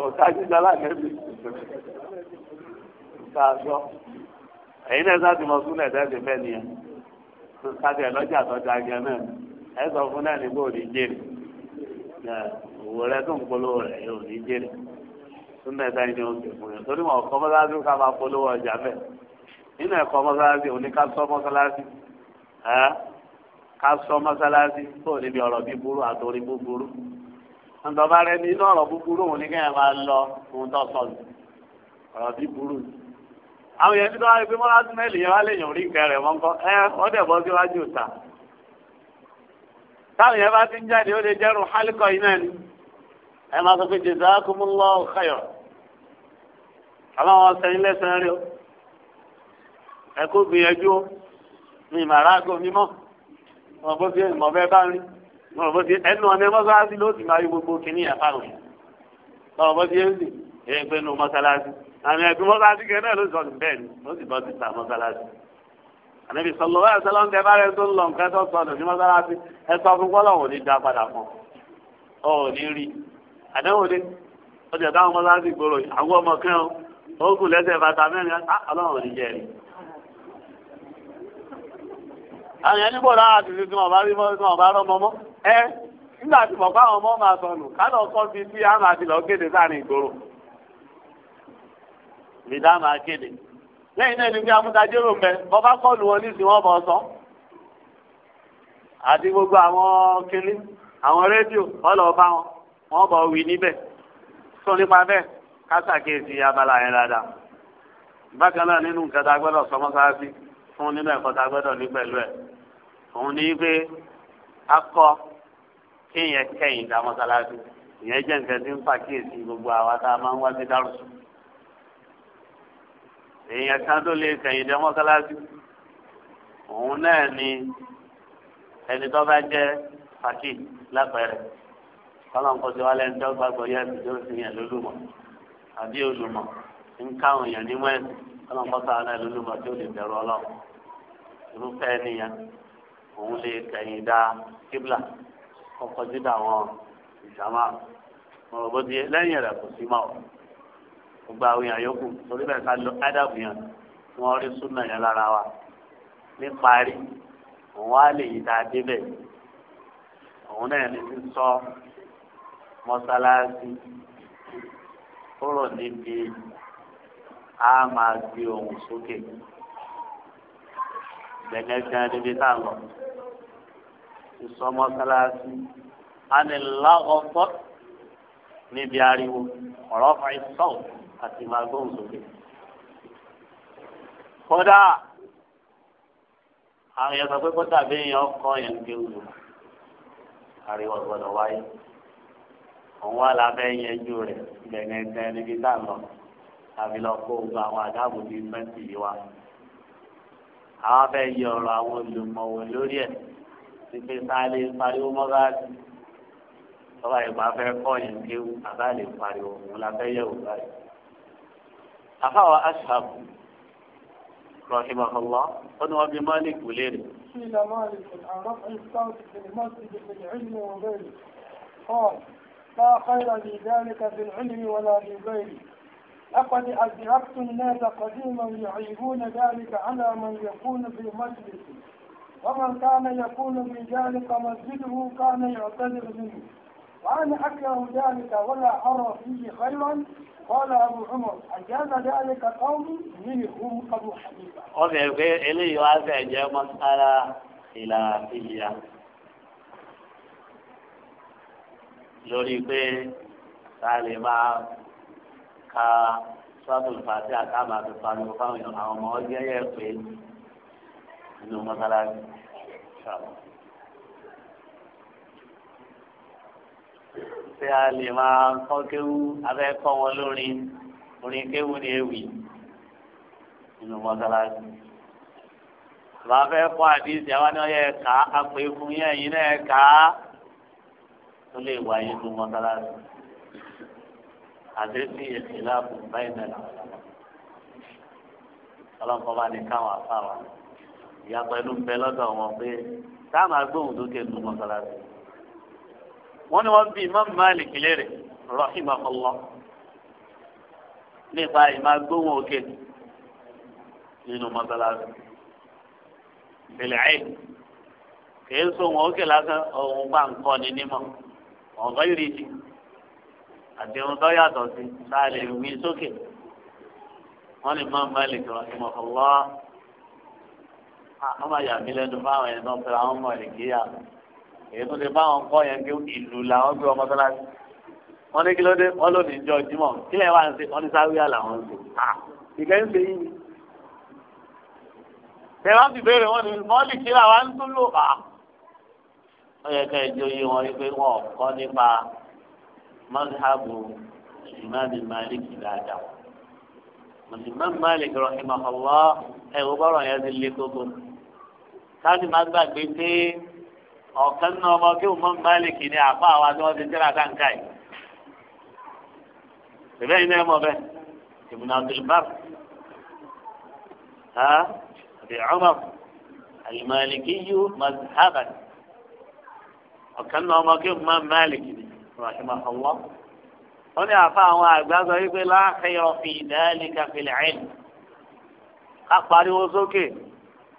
ọ̀tá jíjà lánàbí tá a gbọ́ ẹ̀yin náà sá ti mọ súnlẹ̀ tẹ́sí bẹ́ẹ̀ ni ẹ̀ káti ẹ̀ lọ́jà tọ́jà gẹ̀ náà ẹ̀ sọ fún náà nígbà òní jèrè òwò rẹ tó ń polówó rẹ̀ yóò ní jèrè súnlẹ̀ tẹ́sí ni ó ti fún yẹn torí wọn kọ́ mọ́sálásí ká máa polówó ọjà bẹ́ẹ̀ nínú ẹ̀kọ́ mọ́sálásí oníkásọ́ mọ́sálásí ẹ̀ ká sọ mọ́sálásí kó o níbi ọ̀rọ̀ bíburú àtòrí búburú ǹdọ̀bá rẹ ní inú ọ̀rọ̀ búburú òun ní kẹ́hìn máa lọ ohun tó sọ ọ̀rọ̀ bíburú àwọn yẹn nítorí pé mọ́lá tún mẹ́lì yẹn wá lè yàn orí nǹkan rẹ̀ wọ́n kọ́ ẹ wọ́n dẹ̀ bọ́ síwájú ìta táwọn yẹn bá ti ń jáde ó lè jẹ́rù hálíkọ̀ iná ni ẹ máa sọ pé jazakumullahu khayr àmọ́ wọn sẹ́yìn lẹ́sẹ̀ rí o ẹ kó gbìyànjú mi màrá gòmí mọ́ wọn bó ti mọ bẹ́ẹ̀ bá ń rí wọn bó ti ẹnu ọdẹ mọ́sálásí ló ti máa rí gbogbo kínní yẹn fáwọn yẹn wọn bó ti ń sìn èyí pé nu mọ́sálásí àmì ẹ̀dùn mọ́sálásí kẹ́ náà ló sọ ní bẹ́ẹ̀ ni ó sì bọ́ ti ta mọ́sálásí. ànábì sọlọ wẹ́ẹ̀ sọlọ ń tẹ́fà rẹ tó ń lọ nǹkan tó sọ ní mọ́sálásí ẹ sọ fún bọ́lọ̀ ò ní dá padà fún ọ ní rí àdéhùn ni ó táwọn mọ́sálásí a yẹn níbò láwọn àti tuntun ọba rí mọ́ tún ọba rọ́mọ mọ́ ẹ nígbà tí mọ̀ fáwọn ọmọ máa sọnù kálọ̀ sọ fi sí àwọn àti lọ kéde sáàrin ìgboro ìdá máa kéde lẹ́yìn náà ni bí bá wọ́n bọ̀ àti gbogbo àwọn àwọn rédíò wọn wọ́n bọ̀ wí níbẹ̀ tó nípa bẹ́ẹ̀ kásàkéèsì abala yẹn dáadáa bákan náà nínú nǹkan tá a gbọ́dọ̀ fún nínú ẹ̀kọ́ tá a gbọ́dọ̀ ní pẹ̀lú ẹ̀ òun ní pé akọ kéèyàn kẹ́yìn dá mọ́sálásí ìyẹn jẹ́ nǹkan tí ń gbogbo àwa tá a máa ń wá sí dárùsù èèyàn kan tó lè kẹ́yìn dá mọ́sálásí òun náà ni ẹni tó bá jẹ́ pàkí lápẹ̀rẹ̀ kọ́lọ́n kó ti wá lẹ́nu tó yẹn lólùmọ̀ àbí olùmọ̀ ń ọlọ́run kọ́ sáà náà lólùmọ̀ tí ó lè bẹ̀rù ọlọ́run irúfẹ́ nìyẹn òun lè kẹ̀yìn dá kíbla kọ́kọ́ dídá àwọn ìjàmá ọ̀rọ̀ bó di lẹ́yìn rẹ̀ kò sí mọ́ ọ gbogbo àwọn èèyàn yòókù torí bẹ́ẹ̀ ká lọ ádàbù yẹn tí wọ́n rí súnà yẹn lára wa ní parí òun á lè yí dáa débẹ̀ òun náà ní ti sọ mọ́sálásí kúrò níbi a máa gbé ohùn sókè gbẹ̀gẹ́gẹ́ níbi tá a lọ ìsọmọsálásí anilagọfọ níbi ariwo ọ̀rọ̀ fàìsọ̀ àti máa gbóhùn sókè. kódà àwọn èèyàn sọ pé kódà bí èèyàn kọ́ yẹn gbé wù ariwo gbọ́dọ̀ wáyé òun wà lábẹ́ yẹn jù rẹ̀ gbẹ̀gẹ́gẹ́ níbi tá a lọ àbí lọ kó gbogbo àwọn àdáàbò bíi mẹ́tì yìí wá. àwọn abẹ́ yí ọ̀rọ̀ àwọn olùmọ̀wé lórí ẹ̀ ti fi sáálé pariwo mọ́gáàsì. tọ́ba ìgbà fẹ́ kọ́ yẹn kéwù àbá lè pariwo òun la fẹ́ yẹ wò báyìí. àfàwọ̀ aṣáàbù rahimahullah ó ní wọ́n bí malik wù léèrè. قال لا خير لذلك في العلم ولا في غيره لقد أدركت الناس قديما يعيبون ذلك على من يكون في مسجد ومن كان يكون في ذلك مسجده كان يعتذر منه وأنا أكره ذلك ولا أرى فيه خيرا قال أبو عمر أجاز ذلك قوم منهم أبو حنيفة. أوكي أوكي إلي يوافع جاء مسألة خلافية. lórí pé ta lè ka sọ́dún fàtí àtàwọn àti pariwo fáwọn èèyàn àwọn ọmọ ọjọ́ yẹ pé inú mọ́sálásí ṣàbọ̀. ṣé a lè máa kọ́ kéwú abẹ́ kọ́ wọn lórin orin kéwú ni ewì inú mọ́sálásí. àbá fẹ́ kọ́ àdìsí àwọn ni wọ́n yẹ ká àpè fún yẹn yìí náà ká ó lè wáyé inú mọ́sálásí àdéhùn ìṣẹ̀lẹ̀ àbùbá ìmẹ̀lẹ̀ ọlọ́kọ̀ọ́ba ní káwọn afáwa ìyá pẹ̀lú ń bẹ lọ́dọ̀ wọn pé táwọn agbóhùn lókè ló mọ́sálásí. wọ́n ní wọ́n bí imam malik léèrè rahimahullah nípa ìmọ̀ agbóhùn òkè nínú mọ́sálásí. ìbílẹ̀ ẹ̀ kìí sọ wọn òkè lásán òun bá ń kọ́ ni nímọ̀ ọ̀gá ìrìsì àdéhùn tó yàtọ̀ sí tá a lè wí sókè wọ́n lè máa ń bá lè kọ́ ìmọ̀ ọ̀lọ́ wọ́n máa yà mí lẹ́nu fáwọn ẹ̀ náà pẹ̀lú àwọn ọmọ rẹ̀ kíyà èyí tó lè fáwọn kọ́ yẹn kí ìlú làwọn gbé ọmọ sọ́lá sí wọ́n ní kí ló dé wọ́n lónìí jọ jímọ̀ kí lẹ́yìn wá ń ṣe wọ́n ní sáwíyà làwọn ń ṣe ah, ìkẹ́ ń ṣe yín ni tẹ̀wá ti béèrè wọn ni mọ́ọ̀lì kí làwọn ń tún lò bá. Ah, yẹ ká ẹjọ́ yé wọn wípé wọn kọ́ nípa mazhabu imaami maliki daadaa musulman malik rahimahullah ẹ wo bọrọ yẹn ti le koko káàdì má gbàgbé pé ọ̀kan náà ọmọ kí wọn malik ni àpá àwa tí wọn ti tẹ́lá sáǹkà yìí bẹ́ẹ̀ ni ẹ mọ̀ bẹ́ẹ̀ ibùdó abdulbar ha àti umar alimalikiyu mazhaban ọ̀kan náà ọmọ kí wọn malik ni rahimahullah wọ́n ní àfa àwọn àgbà sọ wípé láàkẹyọ fi ìdáàlì kàfìlẹ ẹn ká pariwo sókè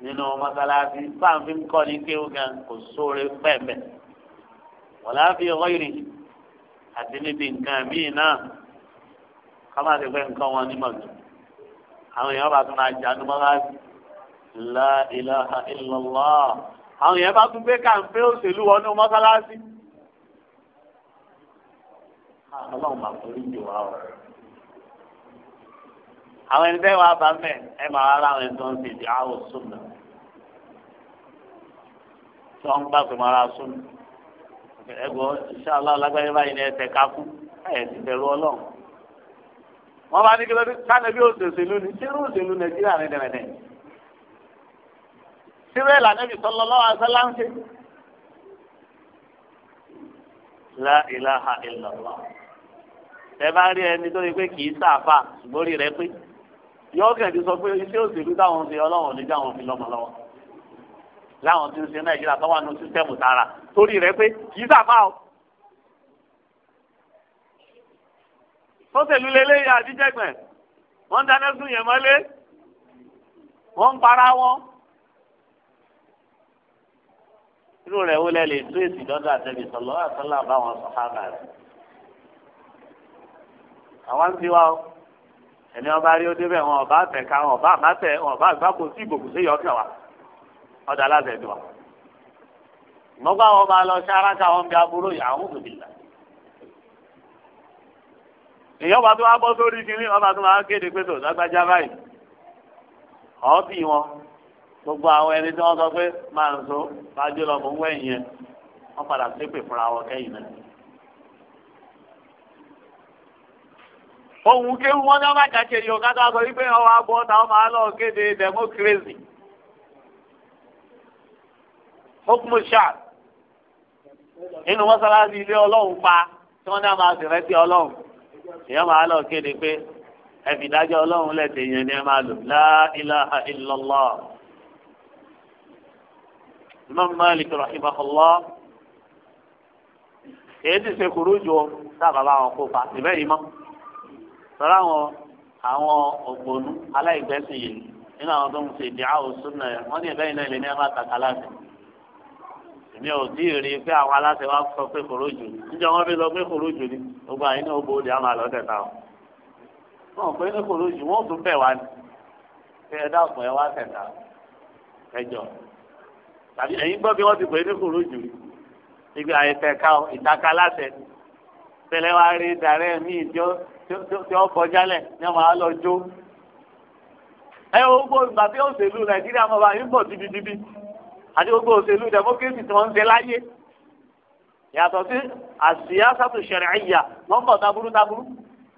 nínú mọ́sálásí báńfì ń kọ́ ní kéwù gan kò sóore pẹ́ẹ́pẹ́ wọ́n láfi ọkọ ìrìn àti níbi nǹkan míì náà ká má ti pẹ́ nǹkan wọn nímọ̀ tó àwọn èèyàn bá tún máa jà ní mọ́sálásí la ilaha illallah àwọn èèyàn bá tún gbé kàǹpé òṣèlú wọnú mọ́sálásí ọlọ́run máa forí jù wá o. àwọn ẹni bẹ́ẹ̀ wá bá mẹ́ ẹ máa rárá àwọn ẹni tó ń ṣe ìdí àwọ̀ súnmọ́ tí wọ́n ń gbà pé máa ra súnmọ́ ẹgbọ́n ṣáàlá lágbáyé báyìí ni ẹsẹ̀ kakú ẹ̀ ti bẹ̀rù ọlọ́run. wọ́n bá ní kí lọ́dún sáni bí òṣèlú ni sírú òṣèlú nàìjíríà ní dẹ̀mẹ̀dẹ̀. sírú ẹ̀ lànà ìbísọ́lọ́ lọ́wọ́ asálá ń ṣe. la ẹ bá rí ẹni tó yẹ pé kì í sàfà lórí rẹ pé yọ kẹ̀dí sọ pé iṣẹ́ òṣèlú táwọn ṣe ọlọ́run níjà àwọn fi lọ́mọ láwọn ti ń ṣe nàìjíríà tó wà ní sísẹ́mù tààrà torí rẹ pé kì í sàfà o. sọ́sẹ̀lú lélẹ́yìn àdíjẹ́gbẹ̀ẹ́ wọ́n dáná sùn yẹn mọ́lé wọ́n ń para wọn. irú rẹ̀ wọlé lè tó èsì lọ́dọ̀ àtẹ̀bí sọ̀lọ́ àtọ́lá báwọn sọ̀hábà rẹ̀ àwọn ń ti wá o ẹni ọba rí ó débẹ̀ wọn ọba àtẹ̀ka wọn ọba àmàtẹ̀ wọn ọba àgbákò sí ìgbòkù sí ìyọkàn wa ọ̀dà alábẹ̀dùn wa. ìmọ̀gbà wọn máa lọ sí aráka wọn bí aburú ìyàwó òbílà. ìyọba tó wá bọ́ sórí kínní ọba tó máa kéde pé tòun lágbájá báyìí. ọ̀ọ́bì wọn gbogbo àwọn ẹni tí wọ́n sọ pé máa ń so máa jẹ́ lọ mọ̀ ń yẹn wọ́n padà ṣépè fúnra wọn kẹ́yìn náà. ohun kéwù wọn náà má kàṣe yìí ọ̀gá tó a sọ wípé ọwọ́ abọ́ ọ̀tá ọmọ alọ́ kéde democracy hukumu shah inú mọ́sálásí ilé ọlọ́run pa tí wọ́n náà máa sì rẹ́tí ọlọ́run èèyàn máa lọ kéde pé ẹ̀fìdájọ́ ọlọ́run lẹ́tẹ̀ yẹn ni ẹ lò la ilaha illallah. imam malik èyí ti ṣe kúrú ju sábà bá wọn kópa ìbẹ́ yìí mọ́ sọ̀rọ̀ àwọn àwọn ògbónú aláìgbẹ́sìn yìí nínú àwọn tó ń ṣe ìdí àwọn súnà wọn ní ìbẹ́yìn náà lè ní ẹ má tàkà láti èmi ò tí ì rí i pé àwọn aláṣẹ wa sọ pé kòró jù ní níjọ wọn fi lọ pé kòró jù ni gbogbo àyín náà bo olè àmà lọ́dẹ̀ta o wọn pé ní kòró jù wọn ò tún bẹ̀ wá ní ṣé ẹ dákun ẹ wá tẹ̀ta ẹjọ tàbí ẹ̀yin gbọ́ bí wọ́n ti pè é ní kòró jù ni tẹ̀lé wa rí dàrẹ́ míì tí ó kọjá lẹ̀ ní ọmọ àlọ́ jó. ẹ wo gbogbo ìgbà tí òṣèlú nàìjíríà mọ̀ bá yín bọ̀ dibidibi àti gbogbo òṣèlú democracy tí wọ́n ń ṣe láyé yàtọ̀ sí àṣìyá sátò ṣẹ̀rẹ̀ àyà nọ́mbà taburú taburú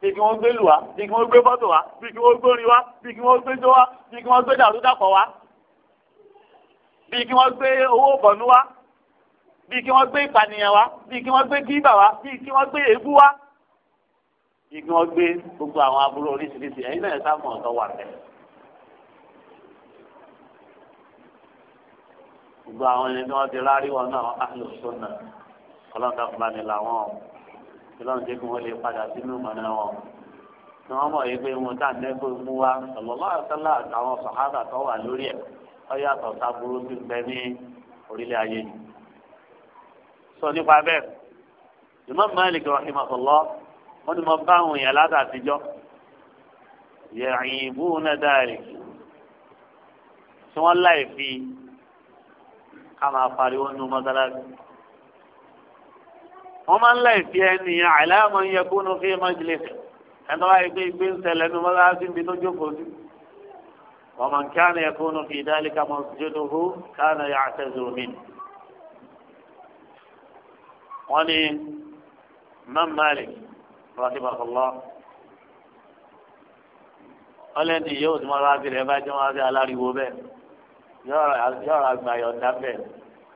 bí kí wọ́n gbé lù wá bí kí wọ́n gbé bọ́tò wá bí kí wọ́n gbórin wá bí kí wọ́n gbé jó wá bí kí wọ́n gbé dàrú dàpọ̀ wá bí kí wọ́n gbé owó bọ̀nú wá bíi kí wọ́n gbé ìpànìyàn wá bíi kí wọ́n gbé gíbà wá bíi kí wọ́n gbé èébú wá bíi kí wọ́n gbé gbogbo àwọn aburú oríṣiríṣi ẹ̀yin náà sá mọ̀ ọ̀tọ̀ wà tẹ̀. gbogbo àwọn ẹni tí wọ́n ti rárí wọn náà àlò sọ́nà ọlọ́run tó fún mi làwọn ọ̀ ọlọ́run jẹ́ kí wọ́n lè padà sínú mọ̀nà wọn ni wọ́n mọ̀ yìí pé wọn tá nẹ́gbẹ́ mú wa sọ̀lọ́lá àtàlà àtàwọn sàhábà tó wà sọ nípa bẹ́ẹ̀ Imam Malik rahimahullah wọn ni mo bá àwọn èèyàn látàtijọ́ yẹ̀yìnbó náà dáàrí tí wọ́n láì fi ká máa pariwo nu mọ́sálásí wọ́n máa ń láì fi ẹni àìláàmọ̀ yẹ kó nu fi majlis ẹni wáyé pé gbé ń ṣẹlẹ̀ nu mọ́sálásí níbi tó jókòó sí. ومن كان يكون في ذلك مسجده كان يعتذر منه wọ́n ní Imam Malik rahimahullah ọlẹ́ni yóò tún máa rábì rẹ̀ bá jẹ́ wọn rábì aláriwo bẹ́ẹ̀ yóò rà gbà yọ̀ǹda bẹ́ẹ̀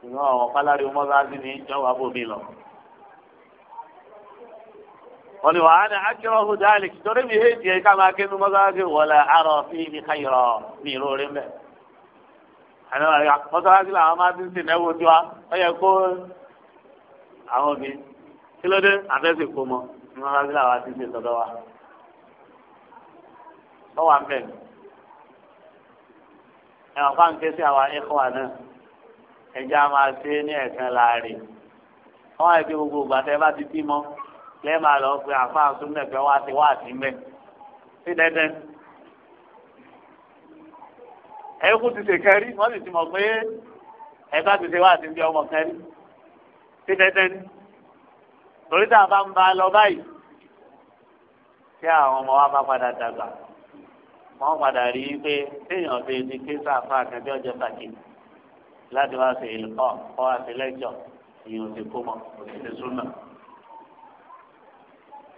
ìwọ̀n àwọn páláriwo mọ́ rábì ní ìjọba bòmí lọ. wọ́n ní wàá ní akéròhùn dáàlì torí mi hẹ́ẹ̀dì ẹ̀ ká máa kẹ́nu mọ́ rábì wọlé àrọ̀ fi mi káyọ̀rọ̀ mi ìróore mẹ́. àná mọ́sálásí làwọn máa ti sìn náwó tiwa ó yẹ àwọn obìnrin kí ló dé àfẹ́sì kó mọ ní wọn bá gbé àwọn ṣe sọ́dọ̀ wa lọ́wọ́ àfẹ́ ẹ̀wọ̀n fáwọn ké àwọn ẹ̀kọ́ wa náà ẹ̀jẹ̀ a máa ṣe ní ẹ̀sán láàrin wọ́n á fi gbogbo ìgbà tẹ́ bá ti bímọ lẹ́ẹ̀ máa lọ pé àfáà súnmọ̀ ẹ̀fẹ́ wá sí wá sí mẹ́ sí dẹ́dẹ́ ẹ̀kú ti ṣèkẹ́rí wọ́n sì ti mọ̀ pé ẹ̀ka ti ṣe wá sí bí ọmọ kẹ́rí sí tẹ́tẹ́ ní torí tá a bá ń ba lọ báyìí tí àwọn ọmọ wa bá padà dàgbà wọ́n padà rí i pé téèyàn fi ní kéésà fún akẹbí ọjọ́ pàkí láti wá sí ìlú kọ kọ wá sí lẹjọ ìyẹn ti kó mọ òsì ti sún náà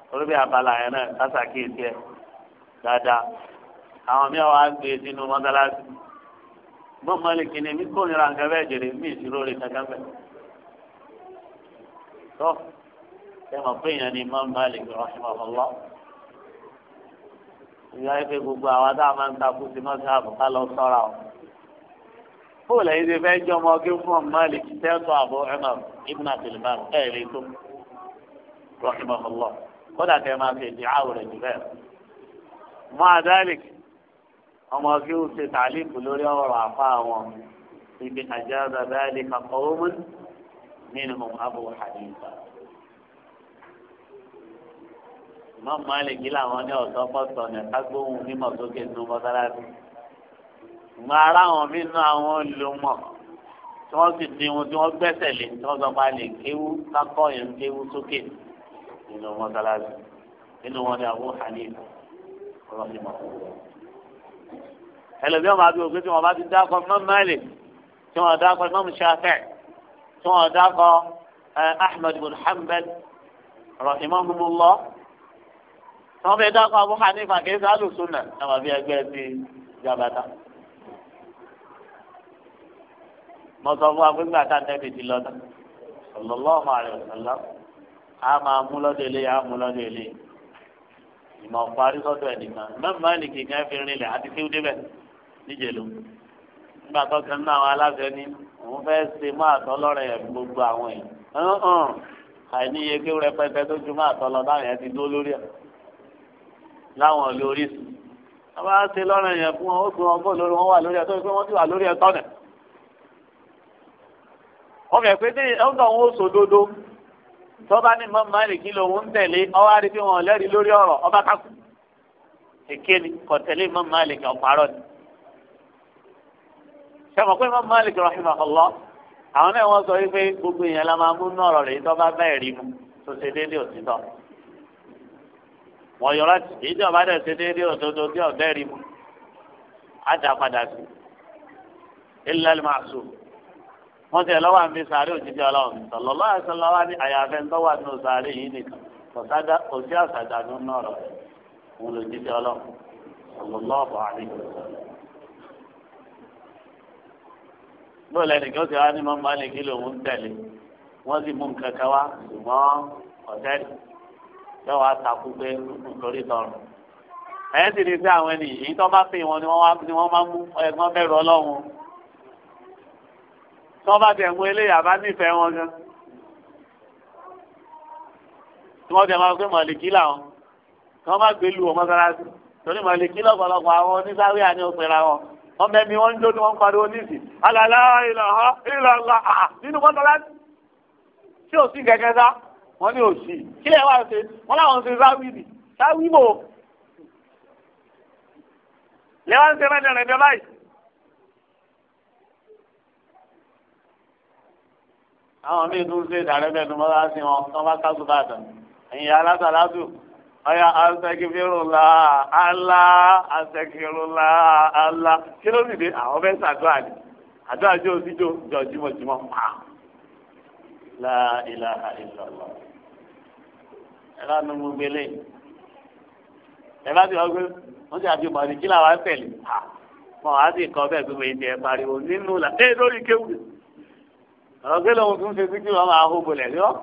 torí bí abala yẹn náà kásàkíyèsí ẹ dáadáa àwọn mìíràn wá gbé e sínú mọ́tálásí gbọ́n mọ́lì kìíní mi kò nira nǹkan bẹ́ẹ̀ jèrè mí ìṣirò rẹ̀ kankan bẹ́ẹ̀ tó ṣe mọ̀ pé èèyàn ni Imam Malik rahimahullah ìyá ife gbogbo àwọn tá a máa ń takú sí mọ́sáàbù ká lọ sọ́ra o. fóòlù yìí ti fẹ́ jọmọ kí fún ọmọ Malik tẹ́tọ̀ Abu Umar ibn Abdul Bar ẹ̀ lè tó rahimahullah kódà kẹ́ máa fi ìdíyà àwòrán jù bẹ́ẹ̀. mọ́ àdáàlì ọmọ kí ó ṣe tàlíkù lórí ọ̀rọ̀ àfa àwọn ibi àjẹ́ àdáàlì kàkọ́ منهم أبو حنيفة Imam Malik yìí làwọn ní ọ̀sán pọ̀sọ̀ ní kágbóhùn mímọ̀ sókè nínú mọ́sálásí. Ìgbà ara wọn mí nú àwọn olùmọ̀ tí wọ́n sì dín wọn tí wọ́n gbẹ́sẹ̀ lé tí wọ́n sọ pé a lè kéwú kákọ́ yẹn kéwú sókè nínú mọ́sálásí. Nínú wọn ni Abu Hanifa ọlọ́sìn mọ̀. Ẹlòmíràn máa bí òkú tí wọ́n bá ti dákọ̀ Imam Malik tí wọ́n dákọ̀ Imam Shafi'i tí wọ́n dákọ̀ ahmed bin hanbal rahimahumullah tí wọ́n fẹ́ dákọ̀ abu hanifa kì í sá lùsùnà àwọn àbí ẹgbẹ́ ti jabata. mo sọ fún agbègbè àtàtẹ́bì ti lọ́dọ̀ sallallahu alaihi wasallam a máa mú lọ́dọ̀ ilé a mú lọ́dọ̀ ilé ìmọ̀ parí sọ́dọ̀ ẹ̀nìkan mẹ́mbà nìkì kan fi rinlẹ̀ àti kí ó débẹ̀ níjẹ̀lú nígbà tó kan náà àwọn aláṣẹ ní òun fẹ́ ṣe máa tọ́ lọ́rẹ̀ yẹn gbogbo àwọn yìí hàn àìníye kí rẹpẹtẹ tó ju máa tọ́ lọ báyìí yẹn ti dó lórí ẹ̀ láwọn lórí sùn wọ́n bá ṣe lọ́rẹ̀ yẹn fún wọn ó gbé wọn bó lórí wọn wà lórí ẹ̀ tó pé wọ́n ti wà lórí ẹ̀ tọ́nà ọkọ̀ ẹ̀ pé tí ọ̀gá òun ó sòdodo tọ́ba ní mọ́ máìlì kí lòun ń tẹ̀lé ọwọ́ àdìsí wọn lẹ́rìí lórí ọ̀rọ̀ ọba sẹ́wọ̀n pé mọ́mọ́ Malik rahimahullah àwọn náà wọ́n sọ wípé gbogbo èèyàn la máa mú nọ̀rọ̀ rẹ̀ tó bá bẹ́ẹ̀ rí mu tó ṣe déédéé òtítọ́ wọ́n yọra èyí tí ọba dẹ̀ ṣe déédéé òdodo tí ọ̀bẹ́ rí mu á dà padà sí illa al-ma'sum wọ́n ti ẹ̀lọ́wọ́ àmì sàárè òjijì ọlọ́run sallallahu alaihi wasallam ní àyàfẹ́ ń tọ́wọ́ àmì yìí nìkan kò sí àṣàdánù náà rọ̀ òun lòjijì ọlọ́run sallallahu alaihi bóyá ẹnìkan ti wá ní mọ́ máa lè kí lòun ń tẹ̀lé wọ́n sì mú nǹkan kan wá ṣùgbọ́n ọ̀tẹ́ẹ̀lì yóò wá takú pé nítorí tọrùn. ẹ̀yẹ́ sì ní sí àwọn ẹni yìí tó bá fi wọn ni wọ́n máa mú ẹ̀gbọ́n bẹ̀rù ọlọ́run. tí wọ́n bá tẹ̀ mú eléyà bá nífẹ̀ẹ́ wọn gan. tí wọ́n tẹ̀ máa pé mọ̀lìkí làwọn kí wọ́n má gbé lu ọmọ sára sí torí mọ̀lìkí lọ́pọ̀lọpọ̀ àwọn oníṣàwíyà ni ó pera wọn ọmọ ẹ̀mí wọn ń jó ni wọ́n ń pariwo níìsì alàlá ìlàhà ìlàlá àà ah, ah. nínú wọn tọ́lá tí ò sí kẹ̀kẹ́ sá wọ́n ní òsì kí lè wá ṣe wọ́n láwọn ṣe sáwì nì sáwì mò lẹ́wọ́n ń ṣe mẹ́tẹ̀ rẹ̀ báyìí. àwọn míì tún ṣe ìdàrẹ́bẹ̀ẹ́nu mọ́lá sí wọn kí wọ́n bá ká Aya asẹkifirula ala asẹkifirula ala kí ló sì dé àwọn fẹẹ sàdúrà ni àdúrà jẹ òsíjò jọ jimọjimọ pa la ilaha illallah ẹ bá nu mu gbélé ẹ bá ti wá gbé wọn ti àti mọ̀ọ́nì kí làwọn tẹ̀lé pa mọ̀ á sì kọ́ bẹ́ẹ̀ gbogbo èdè ẹ̀ pariwo nínú la ẹ lórí kéwù ọ̀rọ̀ gbé lóhun tó ń ṣe sí kí wọ́n máa hó bolẹ̀ lọ́wọ́.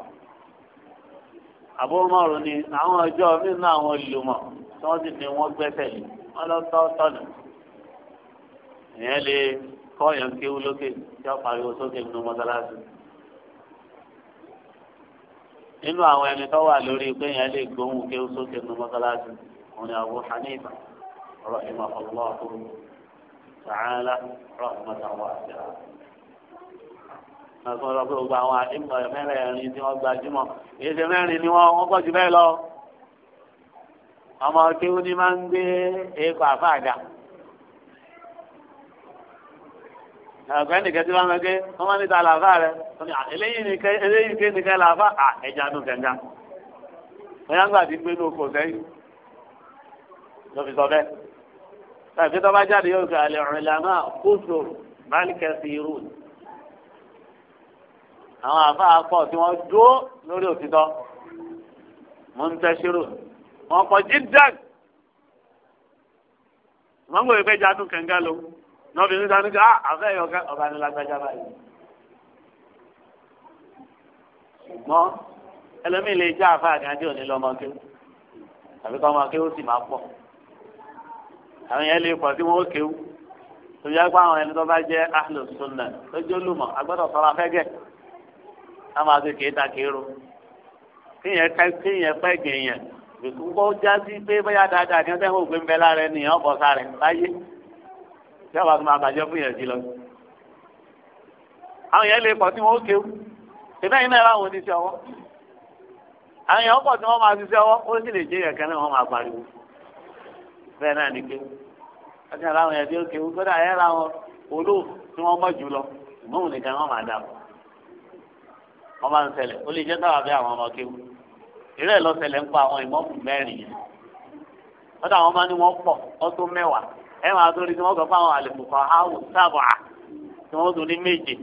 àbúrúmọ̀rún ni àwọn ọjọ́ nínú àwọn olùmọ̀ tí wọ́n ti ní wọ́n gbẹ́sẹ̀ lé wọ́n lọ tọ́ tọ́nà. ìyẹn lè kọ́ yẹn kéwú lókè tí wọ́n pariwo sókè nínú mọ́sálásí. nínú àwọn ẹni tó wà lórí pé lè gbóhùn kéwú sókè nínú mọ́sálásí ni Hanifa ọ̀sán lọ pé gbogbo àwọn àdìmọ̀ mẹ́rẹ̀ẹ̀rin tí wọ́n gbajúmọ̀ èyí ṣe ni wọ́n wọ́n pọ̀ jù bẹ́ẹ̀ lọ. ọmọ kéwú ni máa ń gbé eékọ̀ àfáàdà. ọ̀gbẹ́ nìkẹ́ tí wọ́n máa gbé wọ́n máa níta làáfà rẹ̀ eléyìí nìkẹ́ nìkẹ́ làáfà à ẹja nù kẹ̀ǹgà. bóyá ńgbà tí gbé ní oko sẹ́yìn ló fi sọ bẹ́ẹ̀. tàbí tó bá jáde yóò gbà àwọn àfáà pọ̀ tí wọ́n dúró lórí òtítọ́ mọ̀ntẹ́sírò wọn kọ jíjàg wọn gbọ́dọ̀ pé jádùn kẹ̀ǹgá ló náà fi ń sanu ká ah, àfẹ́ yọ ọ̀gá ni lágbájá báyìí. mọ ẹlẹ́mìí lè já àfáà kan tí ò ní lọ́mọ kí àbí kọ́ ọmọ kí ó sì máa pọ̀ àwọn yẹn lè pọ̀ tí wọ́n ó kéwú tó yẹ kó àwọn ẹni tó bá jẹ́ ahlus sunnah tó jẹ́ olùmọ̀ agbọ́dọ̀ sọ̀rọ̀ afẹ́gẹ́ a máa fi kéta kéro kéèyàn ká kéèyàn pẹ́ gèèyàn gbogbo jásí pé bóyá dáadáa ní ọ̀sẹ̀ ń gbé ń bẹ lára ẹni yẹn ọ̀bọ̀ sáré láyé tí a bá tún máa bàjẹ́ fún yẹn sí lọ. àwọn yẹn lè pọ̀ tí wọ́n ó kéwú ìfẹ́ yìí náà láwọn oníṣẹ́ ọwọ́ àwọn yẹn ọ̀pọ̀ tí wọ́n máa ṣiṣẹ́ ọwọ́ ó sì lè jẹ́ yẹn kan náà máa pariwo bẹ́ẹ̀ náà ni kéwú àti àwọn yẹn tí ó kéwú kódà yẹn láwọn olóòfù tí wọ́n mọ̀ jù lọ ìmọ̀ọ́hùn wọ́n máa ń ṣẹlẹ̀ ó lè jẹ́ sábà bí àwọn ọmọ kéwù ìrẹ́ lọ ṣẹlẹ̀ ń pa àwọn ìmọ̀ọ́mù mẹ́rin yẹn lọ́dọ̀ àwọn máa ní wọ́n pọ̀ wọ́n tó mẹ́wàá ẹ máa tó rí tí wọ́n sọ fún àwọn àlèkò kan áwò sábà tí wọ́n tó ní méje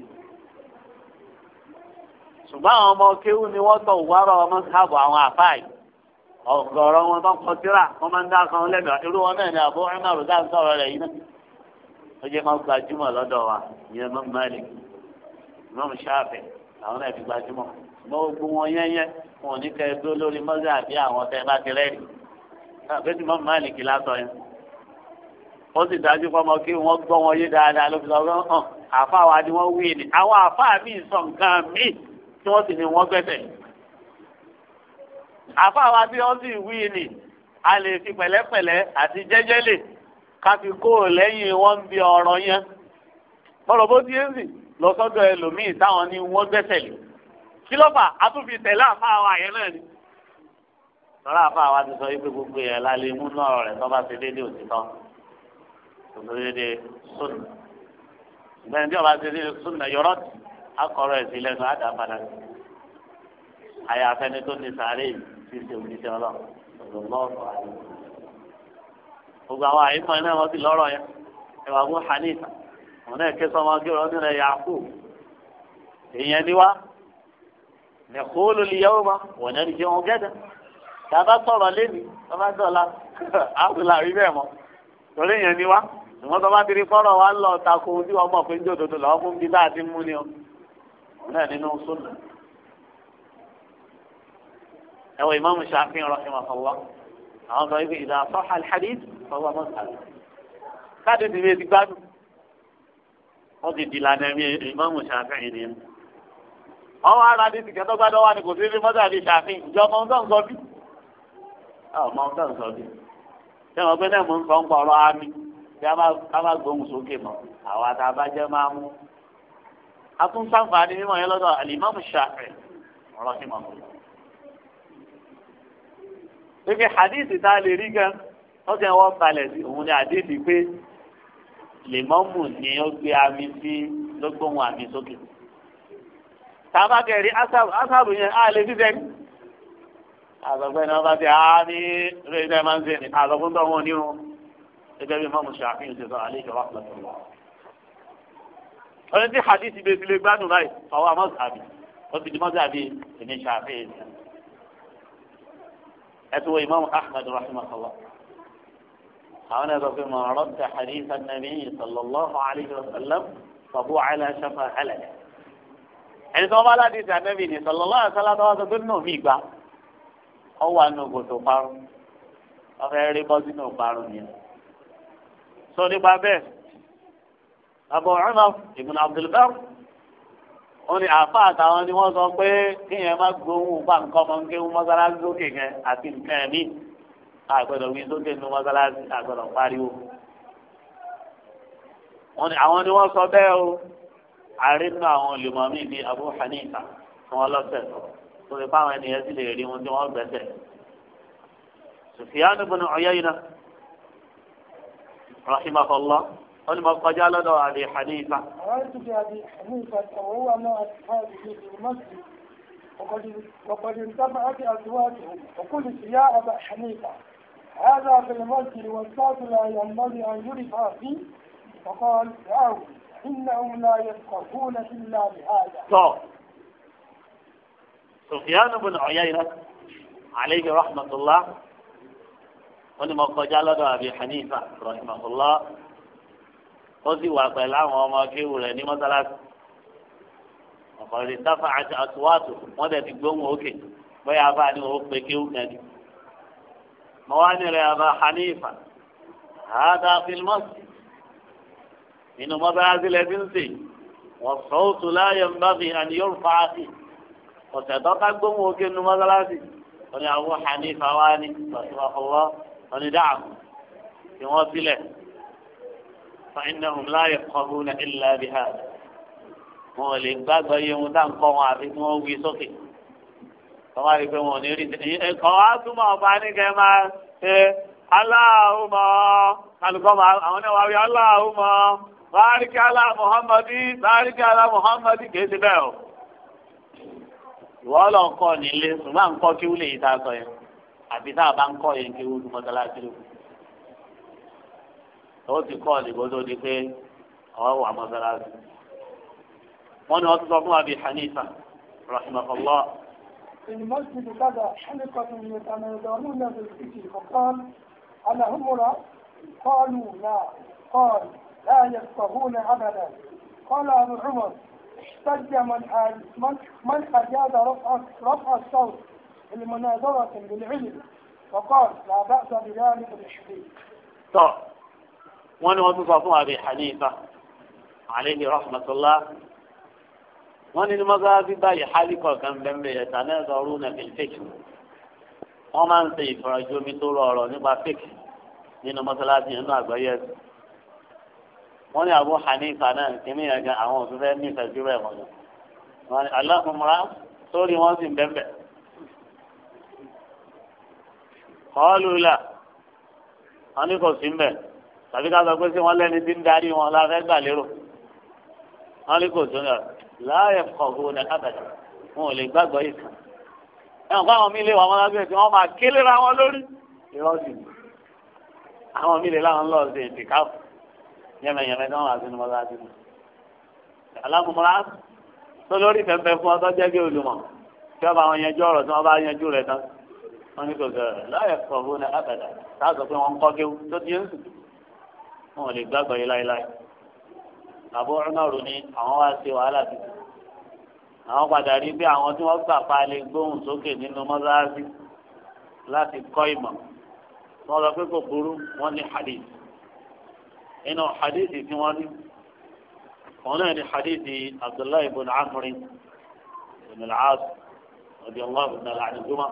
ṣùgbọ́n àwọn ọmọ kéwù ni wọ́n tọ̀ wárọ̀ ọmọ sábà àwọn àfáì ọ̀gọ̀rọ̀ wọn tó kọ síra wọ́n máa ń dá kan lẹ́mìí irú wọn náà ni àbọ̀ ẹ̀mà rò dáhùn sọ̀rọ̀ rẹ̀ yìí náà ó jẹ́ máa gbajúmọ̀ lọ́dọ̀ wa ìyẹn mọ́ Malik mọ́ Shafi'i làwọn náà fi gbajúmọ̀ ṣùgbọ́n gbogbo wọn yẹ́yẹ́ wọn ò ní kẹ́ ẹ dó lórí mọ́sẹ̀ àbí àwọn tẹ́ bá ti rẹ́ẹ̀rì àbẹ́tì mọ́ Málíkì lásán yẹn ó sì dájú fọmọ kí wọ́n gbọ́ wọn yé dáadáa ló fi sọ pé hàn àfa wa ni wọ́n wí ni àwọn àfa mi sọ nǹkan mi tí wọ́n sì ní wọ́n gbẹ́sẹ̀ àfa wa bí wọ́n sì wí ni a lè fi pẹ̀lẹ́pẹ̀lẹ́ àti jẹ́jẹ́ lè ká fi kó lẹ́yìn wọ́n ń bi ọ̀rọ̀ yẹn bọ́lọ̀ bó ti ń sìn lọ sọ́dọ̀ ẹlòmíì táwọn ní wọ́n gbẹ́sẹ̀ lé kí ló fà á tún fi tẹ̀lé àfáàwà yẹn náà ni. lọ́la àfáàwà ti sọ wípé gbogbo yẹn la lè mú náà rẹ̀ tó bá ti dédé òtítọ́ tó tó dédé sónù ìgbẹ́ni tí ọba ti dédé sónù náà yọrọ́ akọ̀rọ̀ ẹ̀ sí lẹ́nu àdàpadà àyàfẹ́ni tó ní sàárè ti ṣe òṣìṣẹ́ ọlọ́run lọ́ọ̀tọ̀ àyè gbogbo àwọn àyè òun náà ké sọmọ gírọ nílẹ̀ yaaku èèyàn ni wá nìkúlù lìyàwó ma wọn náà nìjẹ wọn gẹdẹ tàbá sọ̀rọ̀ lẹni tàbá dọla [laughs] àwùlà rí bẹ́ẹ̀ mọ torí èèyàn ni wá ìwọn tó bá ti rí fọ̀rọ̀ wa lọ tako ohun tí wọn mọ̀ pé ń jò dodo làwọn fún bí tá ti mú ni ọ òun náà nínú sódù ẹwọ ìmáàmù Ṣáfi'í rahimahullah àwọn sọ wípé ìdá sọhà alhadith fọwọ́ mọ́sálà káàdì ti ti gbádùn wọ́n ti di lànà mi ìmọ̀mù ṣàfihàn ni. ọwọ́ ara ní ti kẹ́tọ́ gbádọ́ wà ní kò sí ní mọ́tà ní ṣàfihàn ìjọ ọmọ ọdún sọ bí. Ah, ọmọ ọdún sọ bí. ṣé wọn gbé náà mò ń sọ ń pa ọ̀rọ̀ àmì bí a máa gbóhùn sókè mọ́ àwọn àtàbàjẹ́ máa mú. a tún sáǹfààní mímọ̀ yẹn lọ́dọ̀ àlìmọ́mù ṣàfihàn ọ̀rọ̀ sí mọ̀ pé hadith tá lèmọ́mù ni ó gbé àmì sí ló gbóhùn àmì sókè tàbákẹ́rì asáàbù asáàbù yẹn á lè fífẹ́ ní. àgbẹ̀fẹ́ ni wọ́n bá ti á ní rẹ̀ ṣe máa ń ṣe ní àgbẹ̀fún tó wọn nírun gẹ́gẹ́ bí mọ́mù ṣàfihàn ṣe sọ àlẹ́ ìjọba pẹ̀lú. ọ̀rẹ́ tí hadith bẹ́ẹ̀ ti lè gbádùn báyìí ọwọ́ àmọ́ sàbí ó ti di mọ́sàbí ẹ̀mí ṣàfihàn. ẹ àwọn ẹ̀rọ pé mọ̀ ọ̀rọ̀ tẹ hadith an-nabi sallallahu alayhi wa sallam sọ̀bù ala shafa halak. ẹni tó bá aládìí ti ànábì ni sallallahu alayhi wa sallam tó wá sọ pé nù mí gbà ọ wà nù gòtò parun wọ́n fẹ́ rí bọ́sí nù parun yẹn. sọ nípa bẹ́ẹ̀ Abu Umar ibn Abdul Barr wọ́n ní àfa àtàwọn ni wọ́n sọ pé kíyẹn má gbóhùn bá nǹkan ọmọ nkéwù mọ́sálásí lókè yẹn àti nǹkan ẹ̀mí àgbẹ̀dọ̀ wí sókè nínú mọ́sálásí àgbẹ̀dọ̀ pariwo. wọ́n ní àwọn ni wọ́n sọ bẹ́ẹ̀ o àrínú àwọn olùmọ̀mí bíi Abu Hanifa tí wọ́n lọ́sẹ̀ sọ tó fi fáwọn ènìyàn sì lè rí wọn tí wọ́n gbẹ̀sẹ̀. Sufyan ibn Uyayna rahimahullah wọ́n ní mo kọjá lọ́dọ̀ Abi Hanifa. àwọn ìtúbi Abi Hanifa tọ̀wọ́ wà náà àti وقد هذا في المسجد والصاد لا ينبغي أن يرفع فيه فقال دعوا إنهم لا يفقهون إلا بهذا سفيان بن عيينة عليه رحمه الله ولما قجل أبي حنيفة رحمه الله قصي وقلام وما كيو لني مثلا وقال ارتفعت أصواته ماذا تقوم أوكي ويا فاني أوكي كيو مواني يا أبا حنيفة هذا في المسجد إنه مبازل بنسي والصوت لا ينبغي أن يرفع فيه وصدق الجمهور كأنه مزلاتي وني أبو حنيفة واني رحمه الله وني دعم يواصله فإنهم لا يفقهون إلا بهذا هو اللي بقى يوم دام قوم عارف هو tọ́wá rí i pé wọn ò ní rí ẹ̀kọ́ á túmọ̀ ọba ní kẹ́ máa ṣe aláhùmọ́ alùpùpù àwọn náà wá rí aláhùmọ́ báríkì alá muhammadi báríkì alá muhammadi kìí ṣe bẹ́ẹ̀ o. ìwọ lọ ń kọ́ nílé ṣùgbọ́n à ń kọ́ kí wúlò yìí tá a sọ yẹn àbí tá a bá ń kọ́ yẹn kí wúlò mọ́tàláṣí ló ó ti kọ́ ọ̀dìgbò tó di pé ọ̀wọ́ wà mọ́tàláṣí. wọ́n ní wọ́n ti sọ fún abi hanifa rahimahullah. المسجد كذا حلقة يتنازلون بالذكر فقال أنا هم قالوا لا قال لا يفقهون أبدا قال أبو عمر احتج من من من أجاد رفع رفع الصوت لمناظرة بالعلم فقال لا بأس بذلك الحديث. طيب وأنا أبو أبي حنيفة عليه رحمة الله wọ́n ní ní mọ́sáájú báyìí hali kọ̀ọ̀kan bẹ́ẹ̀ ẹ̀ta náà sọ ọrùn náà fìlì fèkì wọ́n máa ń ṣe ìfọ̀rọ̀jú omi tó rọrọ̀ nípa fèkì nínú mọ́sáláṣí nínú àgbáyé ẹ̀sìn wọ́n ní Abu Hanifa náà kìíní yẹn gan àwọn òfin fẹ́ nífẹ̀ẹ́ sí rẹ̀ wọ́n ni wọ́n ní alákùnmọ́ra sórí wọ́n sì ń bẹ́ẹ̀ kọ́ọ́lù là wọ́n ní kò sí ń bẹ̀ tàbí ká sọ pé sí wọ́n lẹ́ni tí ń darí wọn la fẹ́ gbà lérò wọ́n ní kò sí ń bẹ̀ láàyè kọ̀ọ̀bù ní abẹ́rẹ́ wọn ò lè gbàgbọ́ yìí kan. ẹ̀wọ̀n kó àwọn mílíọ̀nù àwọn lábẹ́ tí wọ́n máa kélé ra wọn lórí irọ́ sì ni àwọn mílíọ̀nù láwọn lọ sí ìdìkáfù yẹmẹyẹmẹ tí wọ́n máa sinú mọ́lá sí mi. alámùmọ́lá tó lórí fẹ́fẹ́ fún ọtọ́ jẹ́ bí olùmọ̀ tí wọ́n bá wọn yanjú ọ̀rọ̀ tí wọ́n bá yanjú rẹ̀ tán wọ́n ní kò sọ̀rọ̀ láyè kọ̀ọ̀bù ní àbú ọmọrù ni àwọn wá ṣe wàhálà tuntun àwọn padà rí bí àwọn tí wọ́n gbà pa lè gbóhùn sókè nínú mọ́sáàsì láti kọ́ ìmọ̀ wọ́n sọ pé kò burú wọ́n ní hadith inú hadith tí wọ́n ní wọ́n náà ní hadith abdullahi ibn amr ibn al-aas radiyallahu anhu anhuma.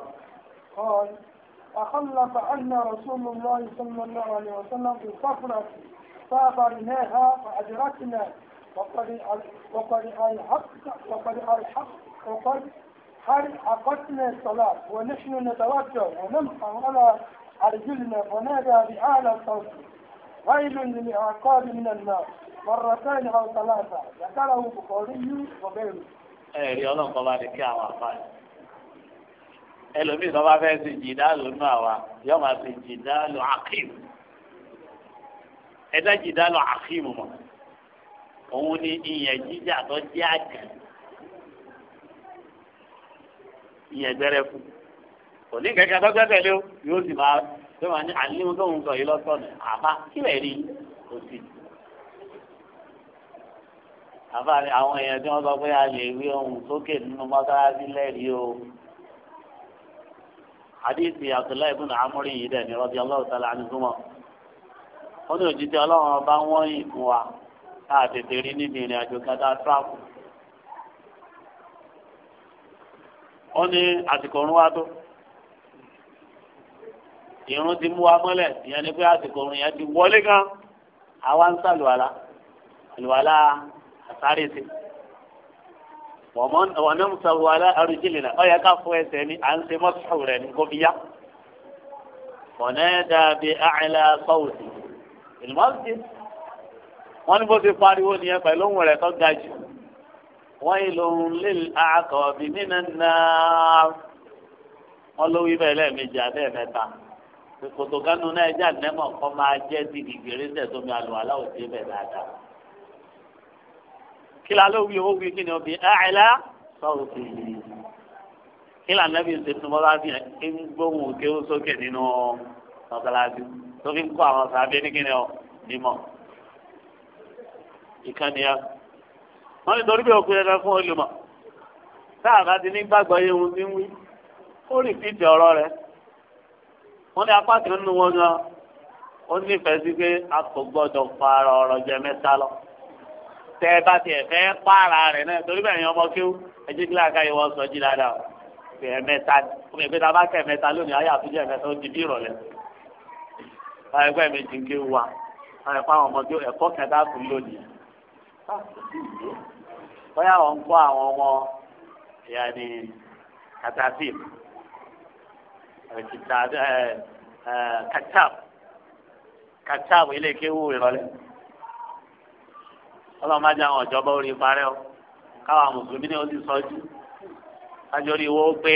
قال أخلف عنا رسول الله صلى الله عليه وسلم في صفرة فأمرناها فأدركنا وقد وقد وقد وقد عقدنا الصلاة ونحن نتوجه ونمحى على أرجلنا ونادى بأعلى صوت ويل للعقاب من النار مرتين أو ثلاثة ذكره البخاري وغيره. ẹ̀rí ọlọ́pàá bá ní kí àwọn àpá yìí ẹlòmíì tó bá fẹ́ ṣe jìdáàlù náà wa yóò máa ṣe jìdáàlù akéwì ẹ̀dá jìdá lọ àfihàn mọ́ òun ni ìyẹn jíjà tó jẹ́ àjà ìyẹn gbẹrẹ fún kò ní kẹ̀kẹ́ tó gbẹ́kẹ̀lé o yóò sì máa tó máa ní àníwó tó ń sọ yìí lọ́sọ̀nù àbá kílẹ̀ rí o sì àbá ni àwọn èèyàn tí wọ́n sọ pé a lè rí ohun sókè nínú mọ́sálásí lẹ́rìí o àdìsí Abdullahi ibùdó amúrí yìí dẹ̀ ní rọ́bì ọlọ́ọ̀tàlá àdìsúmọ̀ wọ́n ní òjijì ọlọ́run ọba wọ́n yìn fún wa tá a tètè rí níbi ìrìn àjò kẹta tíráàpù. wọ́n ní àsìkò òrùn wa tó ìrún ti mú wa mọ́lẹ̀ ìyẹn ni pé àsìkò òrùn yẹn ti wọlé gan àwa ń sàlùwàlà àlùwàlà àsáré sí wọ́n mú sàlùwàlà àrùjìlì náà ọ̀yẹ́ ká fọ ẹsẹ̀ ni à ń ṣe mọ́tò rẹ̀ ní kó fi yá. wọ́n náà dàbí àìlà sọ́wọ́sì ìlúmọ́sí wọ́n ní bó ti pariwo nìyẹn pẹ̀lú ohun rẹ̀ tó ga jù wọ́n yìí lòun lè àkọ́bí nínú náà wọ́n ló wí bẹ́ẹ̀ lẹ́ẹ̀mejì abẹ́ẹ̀ mẹ́ta kòtò kanu náà ẹja nẹ́mọ̀ kọ́ máa jẹ́ ti gègéré sẹ̀ tómi àlùwà láwùjọ ibẹ̀ dáadáa kila ló wí owó wí kí ni obì ẹ̀ẹ́lá sọ̀rọ̀ sí i kila nẹ́bí ṣe tún bọ́lá fi ń gbóhùn kéwọ́ sókè nínú ọ̀gá tó fi ń kó àwọn sàbẹ ní kíni ọ bímọ ìkànnì ya wọn ní torí bí òkú yẹn kan fún olùmọ táà bá ti ní gbàgbọ́ yé wọn ti ń wí ó rì fìdí ọ̀rọ̀ rẹ̀ wọn ní apá kan nínú wọn gan ó nífẹ̀ẹ́ sí pé a kò gbọ́dọ̀ para ọ̀rọ̀ jẹ mẹ́ta lọ tẹ ẹ bá tiẹ̀ fẹ́ para rẹ̀ náà torí bẹ́ẹ̀ yẹn ọmọ kéwú ẹ kí láàká yìí wọ́n sọ jí dáadáa kẹ̀mẹ́ta kẹ̀mẹ́ta bá kẹ̀mẹ́ta lónìí ayé àtúnjẹ mẹ́ta ó di bí ìrọ̀lẹ́. báyìí pé ẹ̀mí jìnkí wa báyìí pé àwọn ọmọdé ẹ̀kọ́ kẹta kù lónìí. bóyá àwọn ń kọ́ àwọn ọmọ ilé ìrọ̀lẹ́ àwọn orí parẹ́ o káwọn mùsùlùmí ni ó ti pé.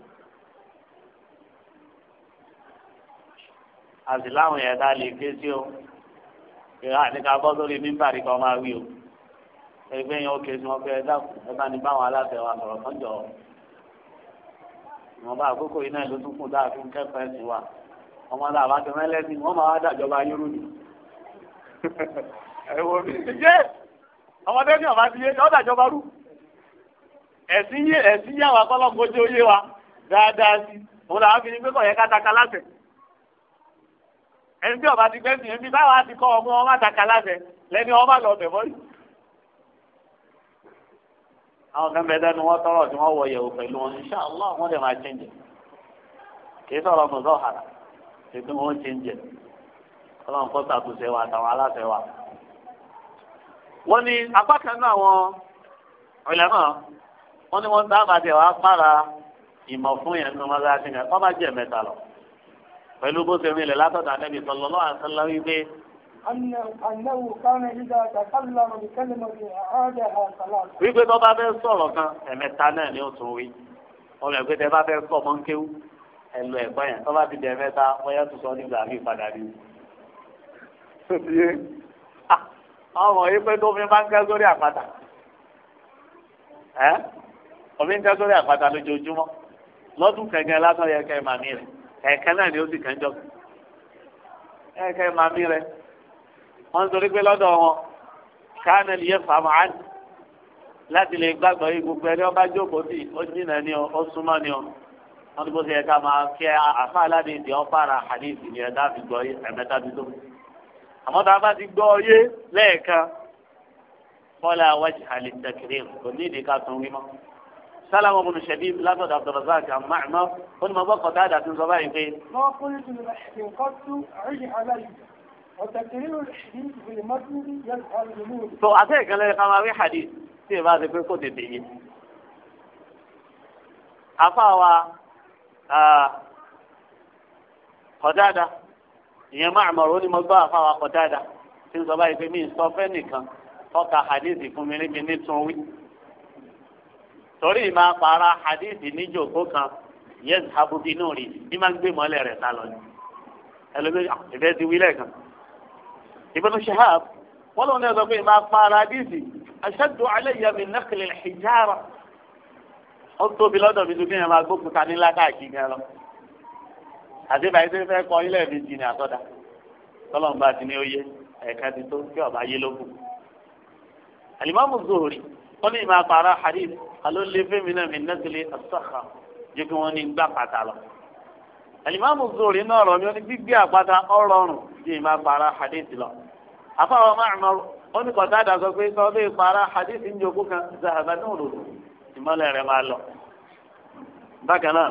àti láwọn yẹn tá a lè ké sí o ìhà ní ká bọ́ sórí mímbàrí kan máa wí o ẹgbẹ́ yẹn ó ké sí wọn pé ẹ dákun ẹ bá ní báwọn aláṣẹ wa sọ̀rọ̀ kan jọ ìwọ̀nba àkókò yìí náà ló tún kù dáa fún kẹ́kọ̀ọ́ ẹ̀sìn wa ọmọ náà bá ti mẹ́lẹ́sìn wọ́n máa wá dàjọba yúrù ni [laughs] ẹ wo mi ṣe ọmọdé ní ọba ti yé ọ dàjọba rú ẹ̀sìn yé ẹ̀sìn yé àwọn akọ́lọ́gbọ́jọ́ yé wa dáadáa sí òun làwọn fi ní pé yẹ kátakà láṣẹ ẹni tí ọba ti gbẹ́ sí ẹni báwa ti kọ́ ọmọ ọmọ àtàkà láṣẹ lẹ́ni ọmọ lọ bẹ̀ bọ́lì. àwọn kan bẹ dẹnu wọn tọrọ tí wọn wọ yẹ̀wò pẹ̀lú wọn ṣá allah wọn lè máa chẹnjẹ kì í sọ̀rọ̀ hàrà títí wọn chẹnjẹ Ọlọ́run kọ ṣàtúnṣe wa àtàwọn aláṣẹ wa. wọn ní apá kan náà wọn ọ̀lẹ́ náà wọn ní wọn sábà tẹ wàá pààrà ìmọ̀ fún yẹn ní wọn láti yẹn kọ́ bá jẹ́ mẹ́ta lọ. pẹ̀lú bó ṣe rinlẹ̀ látọ̀dọ̀ ànábì sallallahu alaihi wasallam wípé. anáwó kánà ìdá àtàkàlà rẹ̀ kẹ́lẹ́mọ̀ ní àádẹ́ àtàlà. wípé tó bá fẹ́ sọ̀rọ̀ kan ẹ̀mẹ́ta náà ni ó tún wí ọmọ ẹgbẹ́ tẹ bá fẹ́ sọ mọ́ ń kéwú ẹ̀lú ẹ̀gbọ́n yẹn tó bá ti dẹ̀ mẹ́ta wọ́yá padà [laughs] ah, ọmọ yìí pé tó fi máa ń kẹ́ sórí àpáta ẹ́ òfin kẹ́ sórí àpáta lójoojúmọ́ lọ́dún kẹ̀kẹ́ lásán ẹ̀ẹ̀kan náà ni ó sì kàn jọ ẹ̀ẹ̀kan máa mí rẹ wọ́n torí pé lọ́dọ̀ wọn káàná lè yẹ fàmù án láti lè gbàgbọ́ yìí gbogbo ẹni ọba jókòó sí ó jìnnà ni ó súnmọ́ ni ó wọ́n ti bó ṣe yẹ ká máa kí àfa aládé ìdí ọ̀pára àdéhìí ni ẹ̀dá fi gbọ́ ẹ̀mẹ́ta bí tó àmọ́ tá a bá ti gbọ́ ọyé lẹ́ẹ̀kan fọ́lá wájú àlè tẹ̀kìrì kò ní ìdí ká tún wí mọ́. سلام بن شبيب لا تدع عبد الرزاق عن معمر كل ما بقى هذا في صباح فين؟ ما قلت للحديث قد عجي علي وتكرير الحديث في المتن يظهر جمود. تو أعطيك أنا قماوي حديث في بعض يكون كنت تيجي. أفاوا قتادة ìyẹn Ma'mar ó ní mo gbọ́ àfáwà Qatada tí ń sọ báyìí pé mí ń sọ fẹ́ nìkan tọ́ka torí ìmọ̀ apara hadith níjò kó kan yẹn habubi náà rí ní máa ń gbé mọ́lẹ̀ rẹ̀ sálọ ni ẹlòmíì ah, ìfẹ́ ti wí lẹ́ẹ̀kan Ibn Shihab wọ́n lóun náà sọ pé ìmọ̀ apara hadith ashaddu alayya min naqli al-hijara ó tóbi lọ́dọ̀ mi tó kí yẹn máa gbókùn ta nílá káàkiri gan lọ àti báyìí tó fẹ́ kọ ilé mi jìnnà àtọ́dá tọ́lọ́mùbá ti ní ó yé ẹ̀ka ti tó kí ọ̀bá wọ́n ní ìmọ̀ àpàrà hadith àló lé fẹ́mi náà mi nẹ́tìlẹ̀ àtúnṣàkà jẹ́ kí wọ́n ní gbà pàtà lọ. alimami zori náà rọ̀ mi wọ́n ní gbígbé àpáta ọ̀rọ̀rùn jẹ́ ìmọ̀ àpàrà hadith lọ. àfọwọ́ máàmọ́ wọ́n ní kọ̀tà dàgbà pé sọ bẹ́ẹ̀ pàrà hadith ń jogún kan zahaba náà lòdù ìmọ̀lẹ̀ rẹ̀ máa lọ. bákan náà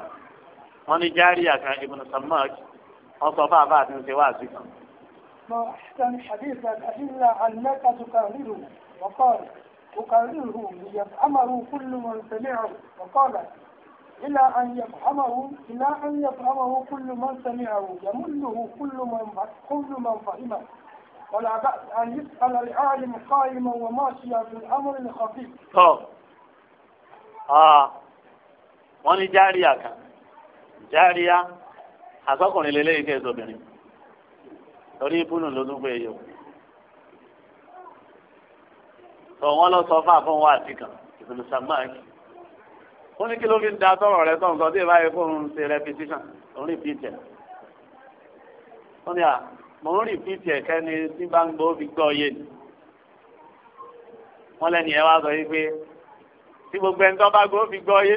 wọ́n ní járíyà kan ibùn samak wọ́n sọ fáfá àti ń ṣe àti kan. ما أحسن حديث الأدلة أنك تكرره وقال أقرره ليفهمه كل من سمعه وقال إلى أن يفهمه إلى أن يفهمه كل من سمعه يمله كل من كل من فهمه ولا بأس أن يسأل العالم قائما وماشيا في الأمر الخفيف. آه wọ́n ní járíà kan járíà asọ́kùnrin lélẹ́yìn kẹ́sọ̀bìnrin torí ibùnú ló tún fẹ́ yẹ tó wọn lọ sọ fún àfọwọn wá àti kan ìpinnu samaki ó ní kí ló fi ń da tọrọ rẹ tọ̀hún sọ tí ìbáyé fóun ṣe repetition òun repeat ẹ̀ ó ní à mò ń repeat ẹ̀ kẹ́ni tí bá ń fi gbọ́ yé ni wọ́n lẹ́nu yẹn wá sọ yìí pé tí gbogbo ẹni tó bá gbọ́ fi gbọ́ yé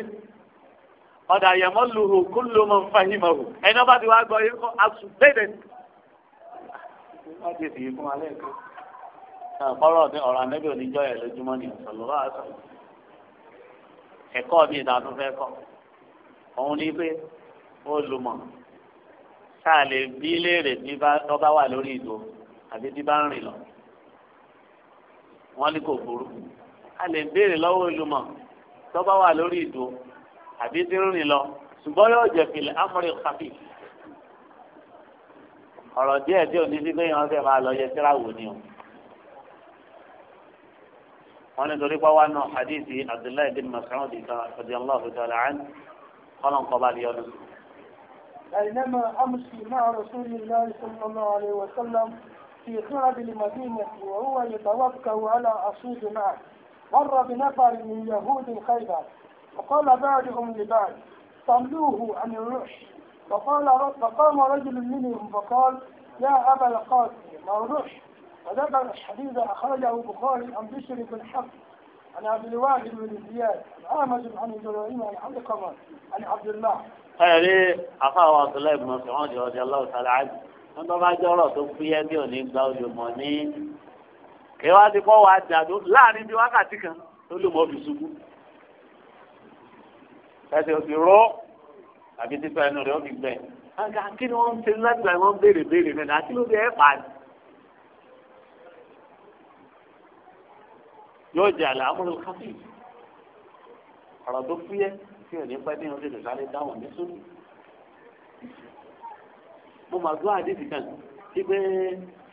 ọ̀dà àyẹ̀mọ́ luhu kó ló mọ̀ ń fa mọ̀ hù ẹni tó bá ti wá gbọ́ yé kó asùn bẹ́ẹ̀ ọ̀pọ̀rọ̀ ọ̀dẹ ọ̀rọ̀ ànábì oníjọ́ yẹn lójúmọ́ ni ọ̀sọ̀lọ́wọ́ àṣọ. ẹ̀kọ́ mi ìdá tún fẹ́ kọ́ òun ni pé olùmọ̀ sáà lè bí léèrè bí bá wà lórí ìdò àbí bí bá ń rìn lọ wọ́n ní kò burú a lè béèrè lọ́wọ́ olùmọ̀ tó bá wà lórí ìdó àbí tí ń rìn lọ ṣùgbọ́n yóò jẹ fìlẹ amúrí kàfí ọ̀rọ̀ díẹ̀ díẹ̀ ní sígbẹ yẹn wọ́n fẹ́ẹ̀ máa lọ yẹ síra wò ni o wọn ní حديث عبد الله بن مسعود رضي الله تعالى عنه قال an قبال kọba أينما yọnu. أمشي مع رسول الله صلى الله عليه وسلم في خارج المدينة وهو يتوكل على أصيد معه مر بنفر من يهود خيبر فقال بعضهم لبعض صلوه عن الرعش فقال فقام رجل منهم فقال يا أبا القاسم ما الرعش وذكر الحديث أخرجه البخاري عن بشر بن حق عن عبد الواحد بن زياد عن عامر عن إبراهيم عن علقمة عن عبد الله. ẹ̀rí afáwọn abdullahi ibùdó sọ̀rọ̀ jù ọdí aláwọ̀ sálá àjù wọn bá bá jẹ́ ọ̀rọ̀ tó fúyẹ́ bí òní gba olùmọ̀ ní kéwàá ti kọ́ wàá dàdó láàrin bí wákàtí kan olùmọ̀ fi ṣubú ẹsẹ̀ òsì rọ́ àbí títọ́ ẹnu rẹ̀ ó fi gbẹ. kí ni wọ́n ń ṣe láti láì wọ́n béèrè béèrè mẹ́ta kí ló dé ẹ̀ pàdé. yóò jẹ àlẹ amúlò káfí ọ̀rọ̀ tó fúyẹ́ tí ò ní pẹ́ bí oṣù sáré dáhùn ní sódì. mo mà gbọ́ àdéhùn kan sí pé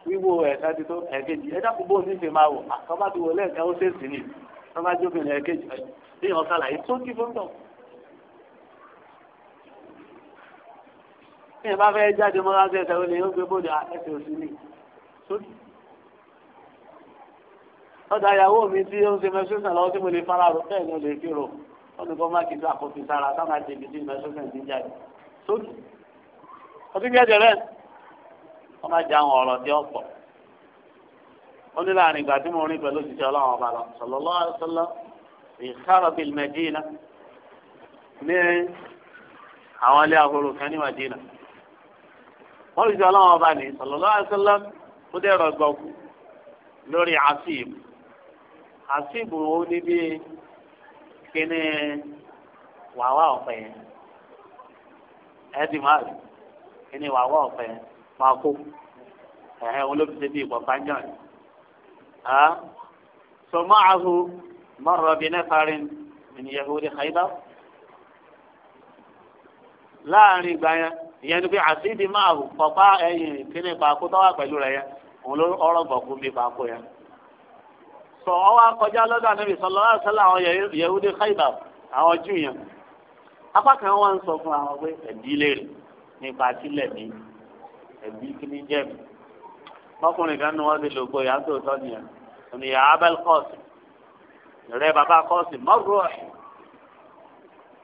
wíwo ẹ̀ka ti tó ẹ̀kejì ẹ̀dá kò bóun ní ṣe máa wọ̀ àkọ́bá ti wọlé ẹ̀ka ó ṣèṣì ni wọ́n bá jókòó ní ẹ̀kejì bí wọ́n kàlàyé sókè fún tọ̀. bí wọ́n bá fẹ́ jáde mọ́ra ṣẹ̀ṣẹ̀ ó lè yóò ọ̀dà ìyàwó mi tí ó ń ṣe mẹ́sẹ̀sẹ̀ lọ́wọ́ tí mo lè fara rò bẹ́ẹ̀ ni ó lè fi rò ọdún kan má kìí àkóso sára sábà ṣe ibi tí mẹ́sẹ̀sẹ̀ ti jáde sókè. ọtí gẹ́gẹ́ rẹ̀ wọ́n máa jẹ àwọn ọ̀rọ̀ tí ó pọ̀. ó ní láàrin ìgbà tí mo rìn pẹ̀lú òṣìṣẹ́ ọlọ́run ọba lọ sallallahu alaihi wasallam ìkárọ̀bìl mẹ́dínà ní àwọn ilé ahoro kan ní mẹ́dínà. wọ́n lè ṣe ọlọ́run ọba ní sallallahu alaihi wasallam ó dẹ̀rọ̀ gbọ̀kú lórí àṣìb àṣìbò ó ní bí kíní wàwá ọ̀pẹ yẹn ẹ̀ẹ́dì máa rí kíní wàwá ọ̀pẹ yẹn máa kó ẹ̀hẹ́ olóbìsẹ́ bíi ìpọ̀pá ń jàn á sọmọ àhù mọ̀rọ̀ bíi nẹ́fàárín ènìyàn ò lè xayíbá láàrin ìgbà yẹn ìyẹn ni pé àṣìbì máa kọ̀pá ẹ̀yìn kíní pàkó tọ́wà pẹ̀lú rẹ̀ yẹn òun ló ọ̀rọ̀ gbọ̀kú pàkó yẹn sọ ọwọ́ akọjá lọ́dọ̀ ànábì sọlọ́ àṣálà àwọn yẹ̀húdí Khaybar àwọn jù yẹn apá kan wọn sọ fún àwọn pé ẹ̀bí léèrè nípa sílẹ̀ mi ẹ̀bí kíní jẹ́ mi mọ́kùnrin kan ní wọ́n ti lò gbòòyà tó tọ́ nìyẹn ònìyà Abel kọ́ọ̀sì rẹ bàbá kọ́ọ̀sì mọ́rùú ẹ̀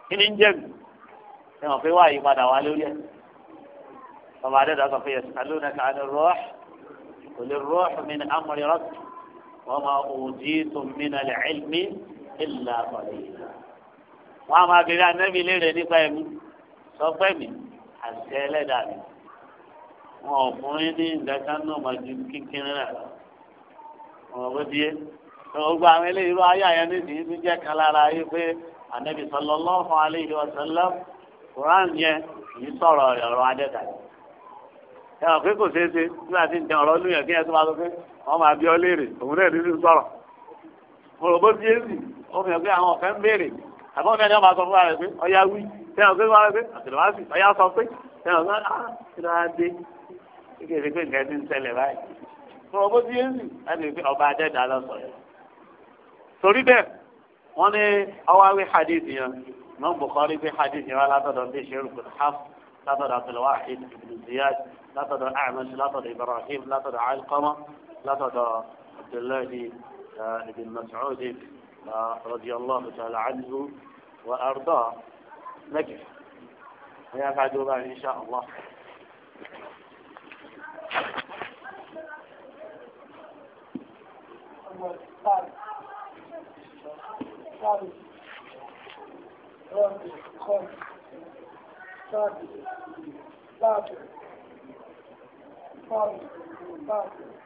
kíní jẹ́ mi ẹ̀ wọ́n fi wá ìyípadà wá lórí ẹ̀ ọmọ adẹ́dàá sọ fún yẹn sàlónà kan rọ́ọ̀ kò lè rọ́ọ̀ mi ní amúrí wọ́n máa òdì tó mìíràn lè ẹ̀mí ìlà àbọ̀lẹ̀ ìlà. wọ́n á máa bèrè anẹ́bí léèrè nípa ẹ̀mí sọ pé mi àti ẹlẹ́dàá mi. wọn ò fún yín ní ìdájọ́ náà máa ju kíkiri rẹ̀ lọ. ọ̀rọ̀ bó di yé. gbogbo àwọn eléyìí ló ayé àyẹ̀ nídìí ní jẹ́ kan lára pé anẹ́bí sallallahu alayhi wa sallam Quran yẹn kì í sọ̀rọ̀ ọ̀rọ̀ adẹ́ta yìí wọ́n máa bí ọ léèrè òun náà nínú sọ̀rọ̀ mo rò bó ti yé sí ó fi hàn pé àwọn ọ̀fẹ́ ń béèrè àbọ̀ ọ̀fẹ́ ni wọ́n máa sọ fún ara rẹ̀ pé ọ̀yá wí tẹ́wọ̀n pé wọ́n á pé àtìlọ́ wá sí ọ̀yá sọ pé tẹ́wọ̀n pé ah kí ló á dé kí ló pé nǹkan ti ń ṣẹlẹ̀ báyìí mo rò bó ti yé sí láti rí pé ọba adẹ́dà lọ sọ̀rọ̀ torí bẹ́ẹ̀ wọ́n ní ọwáwí لقد عبد الله بن مسعود رضي الله تعالى عنه وأرضاه نجح ويفعلوا بعد إن شاء الله Thank you.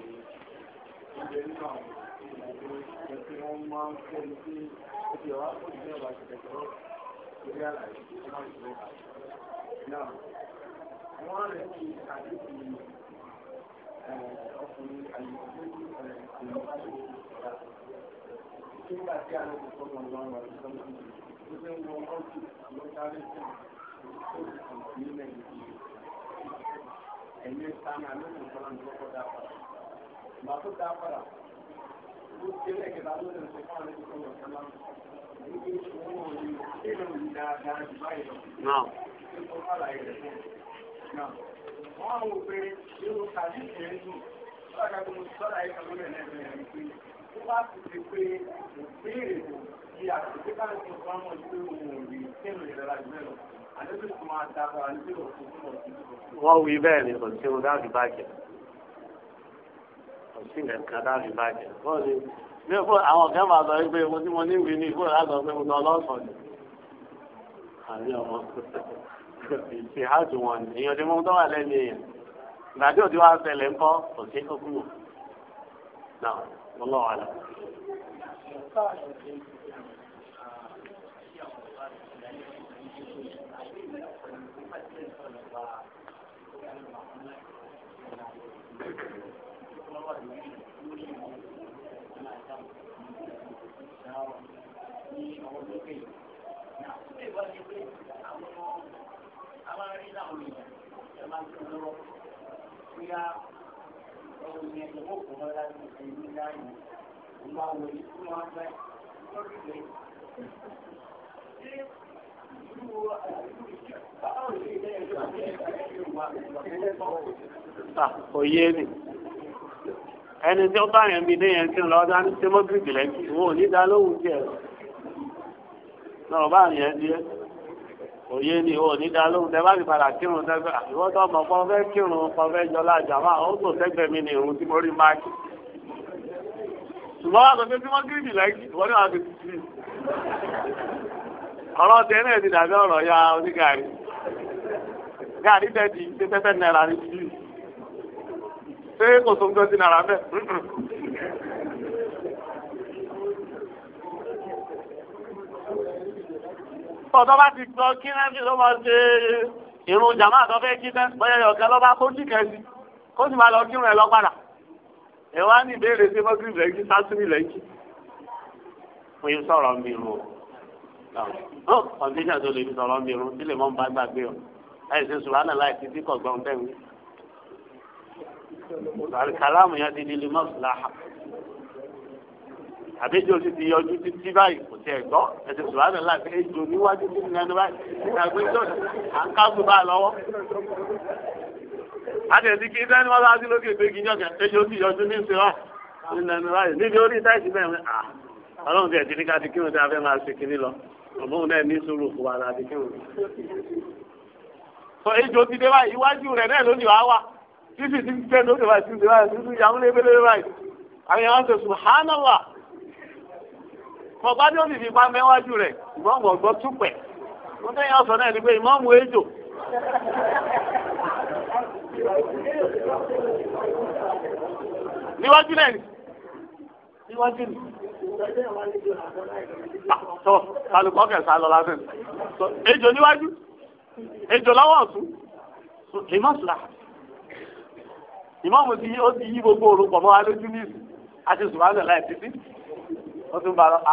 Wọ́n Ẹ̀yẹ́ sáà máa lọ́pọ̀ fọ́nà lọ́pọ̀ dápàá masu dafara su kere ke da lulun su kawo da su kuma yake shi wani irin da da bai da na ko fara yi da na wọn wò pé irun tàbí ìṣẹ́jú lọ́dà tó mo sọ́dà yìí kan lórí ẹ̀lẹ́gbẹ̀rún yẹn pé tó bá ti di pé òbéèrè kò di àtúnṣe bá ń sọ fún àwọn ìlú òun òbí kéèrò ìrẹ́lá jù mẹ́lọ wọ́n wí bẹ́ẹ̀ ni kò sí ohun dáàbì bàjẹ́ kò sí nǹkan kan dáàbì bàjẹ́ bọ́ọ̀lù fún àwọn kan máa sọ pé mo ní mo ní ìwé ní ìfún àgbà pé mo lọ lọ́sàn ni. àbí ọmọ ìṣe áàtù wọn ni èèyàn ti mú tó wà lẹ́nu èèyàn ìgbà tí òdi wá ṣẹlẹ̀ ńkọ́ kò sí kókó wò náà mo lọ wà lọ. Ah, ya ni ẹni tí ó bá yẹn mi déyẹn tí ń lọ dání tí mo gírígì lẹ́kì wọn ò ní dá lóhùn tiẹ̀ náà bá yẹn di òye ni wọn ò ní dá lóhùn tẹ bá ti padà kírun sẹgbẹ àtiwọ́n tó mọ̀ kọ́ fẹ́ kírun kọ́ fẹ́ jọlá jàmá ó tó sẹgbẹ́ mi ní irun tí mo rí máàkì ṣùgbọ́n wàá sọ pé tí mo wọ́n ní wàá fi ti sí ọ̀rọ̀ tiẹ̀ náà ti dàbí ọ̀rọ̀ ya onígàrí gàrí tẹ̀ di náírà ní ti ṣé kò tó ń tọ́jú náírà mẹ́. ọ̀dọ́ bá ti gbọ́ kí náà fi ló ṣe irun jàmá àtọ́ fẹ́ kí náà bóyá ọ̀kẹ́ lọ́ba kó níkẹ́ sí kó sì máa lọ kírun ẹ̀ lọ padà. ẹ ní ìbéèrè sí mọ́sílì lẹ́yìn sásìmì lẹ́yìn. mo yẹ sọ̀rọ̀ mi rò ó kọ̀ǹtẹ́jà tó lè fi sọ̀rọ̀ mi rò sílẹ̀ mọ́ ń bá gbàgbé o láì ṣe sùránà láì fi sí kọ̀gbọ́n bẹ́ẹ̀ kàlámù yẹn ti di lè mọ́sùláhà àbíjọ ti ti yọjú títí báyìí kò tiẹ̀ gbọ́ ẹsẹ̀ sùlámù ẹ̀ láti ejò níwájú tí nìyẹn ní báyìí àgbẹjọ àkágbó bá lọ́wọ́. àtẹ̀sí kí sẹ́ni wọ́n bá sí lókè ìgbégi yọ ejò ti yọjú ní ìsinmi nìyẹn ní báyìí níbi orí táìsì bẹ́ẹ̀ mi à ọlọ́run ti ẹ̀dín ní ká ti kírun tí a fẹ́ máa ṣe kínní lọ ọ̀bùn náà ní sùúrù fún wa láti kírun. sọ ejò ti dé báyìí iwájú rẹ̀ náà lónìí wàá wà títí tí ń tẹ́ lóde báyìí tí ń tẹ́ báyìí tí ń yàwó lébélé báyìí àwọn yàrá tó subhanallah mọ̀gbá ní òbí fipá mẹ́wájú rẹ̀ ìmọ̀ọ́mù ọ̀gbọ́ túpẹ̀ wọ́n tẹ́yìn ọ̀sán náà ni pé ìmọ̀ọ́mù ejò. níwájú náà níwájú ni. tọ́ kálukọ́ kẹsàn-án lọ lásán ejò níwájú ejò lọ́wọ́ ọ̀tún ìmọ̀ọ́sùlá ìmọ̀mù ti ó ti yí gbogbo orúkọ mọ́ alójú ní ìsìn àti sùmánà láì títí ó tún bá a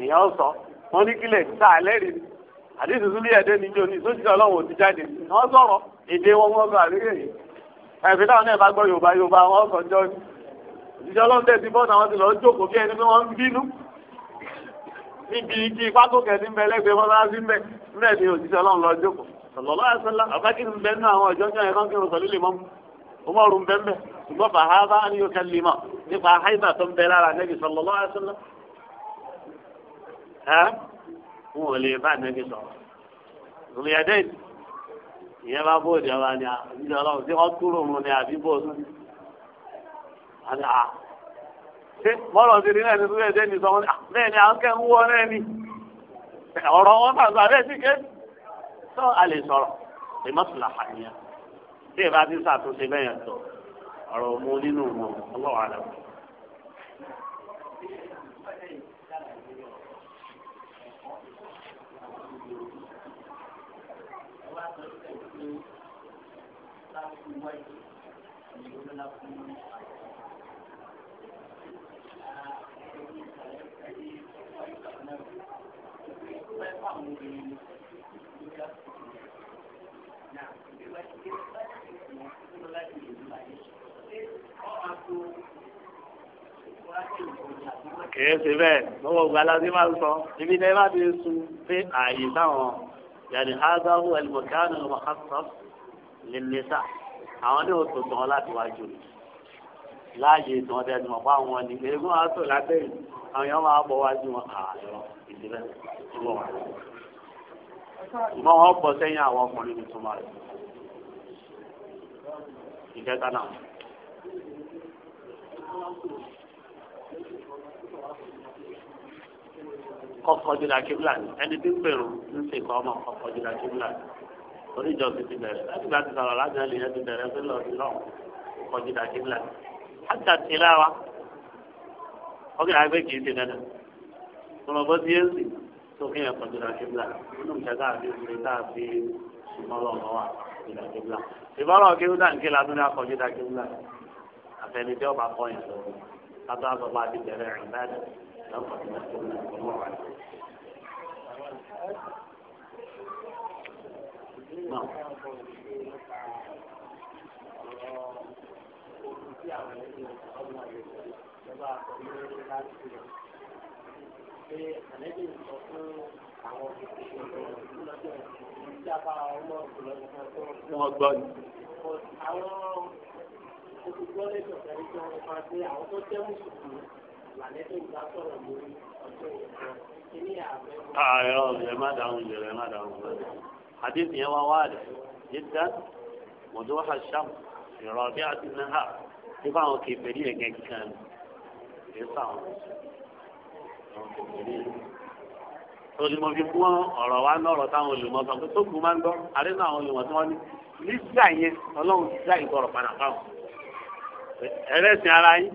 èèyàn sọ wọn ní kílẹ̀ tá a lẹ́rìí ni àdéhùn ìsúlẹ̀ ẹ̀dẹ́ níjọ ní sójú ọlọ́run ò ti jáde wọ́n sọ̀rọ̀ èdè wọn wọ́n sọ àríyé yìí ẹ̀fẹ́ táwọn náà bá gbọ́ yorùbá yorùbá wọn kàn jọ ní ìjọ ọlọ́run tẹ̀ ti bọ́ náà wọ́n ti lọ jókòó bí ẹni pé wọ́n ń bínú níbi igi pátókẹ́ ní mbẹ lẹ́gbẹ̀ẹ́ mọ́sálásí mbẹ mbẹ ni òjíṣẹ́ ọlọ́run lọ jókòó sọ̀lọ́lá umaru ń bẹ́ẹ̀ ṣùgbọ́n fàhábà ni yóò kẹ́ lima nípa haibà tó ń bẹ lára nẹ́bí sallallahu alaihi wasallam ẹ́ wọn ò lè bá nẹ́bí sọ̀rọ̀ ìrìnàdẹ́yìn ìyẹn bá bó ìdí ọba ni ìdí ọlọ́run tí wọ́n kúrò mu ni àbí bó sùn. Ah. ṣé bọ́lọ̀ ti rí náà ní sórí ẹ̀dẹ́ ní sọ wọn ah, bẹ́ẹ̀ ni àwọn kẹ́ ń wọ́ náà ni ọ̀rọ̀ wọn tàbí àbẹ́ẹ̀ sì ké. sọ a sọ̀rọ̀ lè má sùn làhàníyàn tí ìbá ti ṣàtúnṣe bẹ́yẹn tọ̀ ọ̀rọ̀ mu nínú mu ọlọ́wà rẹ̀. Thank you. kìí ṣe bẹ́ẹ̀ gbogbo ìgbà la ti máa ń sọ ibi tẹ́ bá ti sun pé ààyè táwọn yàrá ádáwó ẹlẹ́mọ̀kánù ọmọkàtọ́ lẹ́lẹ́sà àwọn ní oṣù tán láti wá jù láàyè tí wọ́n tẹ́lẹ̀ mọ̀ fún àwọn ní eégún aṣọ látẹ̀yìn àwọn èèyàn máa bọ̀ wájú wọn àárọ̀ ìdílé ìwọ̀n wà lọ. ìmọ̀ wọn bọ̀ sẹ́yìn àwọn ọkùnrin ní túmọ̀ rẹ̀ ìkẹta kọkọjú la kíbla ni ẹni tí ń pèrò ń ṣe kọ ọmọ kọkọjú la kíbla ni oníjọ ti ti bẹ̀rẹ̀ láti gba ti sọ̀rọ̀ láti ẹlẹ yẹn ti bẹ̀rẹ̀ fi lọ sí lọhùn kọjú la ni àtà tí la wa ọkẹ àgbẹ kì í ti dẹdẹ tọmọ bó ti yé sí tó kí yẹn kọjú la kíbla nínú ìjàgbá àti ìṣẹ̀lẹ̀ tá a fi súnmọ́ lọ́wọ́ wa kọjú la kíbla ìbára kí ó dà la tún ní akọjú la kíbla àtẹnidẹ́ kọ́ yẹn lọ Wọ́n gbọ́ ni. Àwọn olùgbọ́ lẹ́jọ̀ kẹ́rin tí wọ́n àwọn tó jẹ́ mùsùlùmí ààrẹ ọ̀rẹ́ má dáhùn ìrẹ̀ má dáhùn ìrẹ̀ hadith yẹn wá wáàdì jíjá mọ̀tò hasham ìrọ̀ bí a ti ní ha nípa àwọn kèfèrí ẹ̀gẹ́ kan lè sàwọn àwọn kèfèrí olùmọ̀ fi fún ọ̀rọ̀ wa lọ́rọ̀ táwọn olùmọ̀ sọ pé tó kù máa ń gbọ́ àdéhùn àwọn olùmọ̀ tí wọ́n ní nígbà yẹn ọlọ́run ti dá ìgbọ̀rọ̀ padà fáwọn ẹlẹ́sìn ara yín.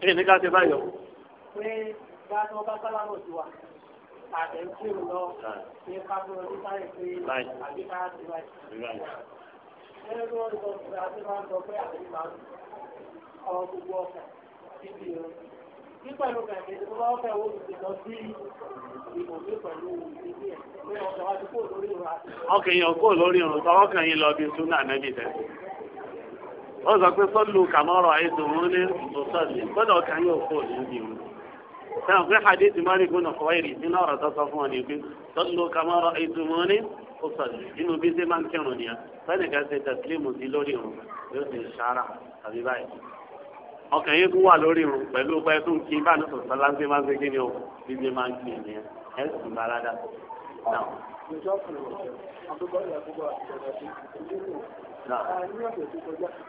èyí ní ká ṣe báyọ̀. pé bá tí wọ́n sí wa àtẹ̀síwò lọ ṣe ká fún ọ ní sáré pé àbí ká ti wáyé. ẹgbẹ́ tí wọ́n sọ pé àti máa ń sọ pé àbí máa ń ọ gbogbo ọkàn síbi o. ní pẹ̀lú kẹ̀kẹ́ tí wọ́n fẹ́ wo ti lọ sí ìbò mi pẹ̀lú ìdílé ẹ̀ pé ọkàn wa ti lórí ọkàn yẹn lórí lọ bí tẹ̀sí. ó sọ pé sọ́lù kàmọ́rọ̀ àìsàn ní sọ́ọ̀lì gbọ́dọ̀ ọ̀kan yóò kó òní bí wọn. sẹ́wọ̀n pé hadith mari gbọ́dọ̀ fọwọ́ ìrì nínú ọ̀rọ̀ tó sọ fún ọ ní pé sọ́lù kàmọ́rọ̀ àìsàn ní sọ́ọ̀lì nínú bí ṣe máa ń kírun nìyà sẹ́ni kan ṣe tẹ̀sílímù sí lórí irun yóò ṣe ṣàrà tàbí báyìí. ọkàn yìí tún wà lórí irun pẹ̀lú pé tún kí bá sọ̀tọ̀ láńpẹ́ máa ṣe kí o bí ṣe máa ń kí nìyẹn ẹ̀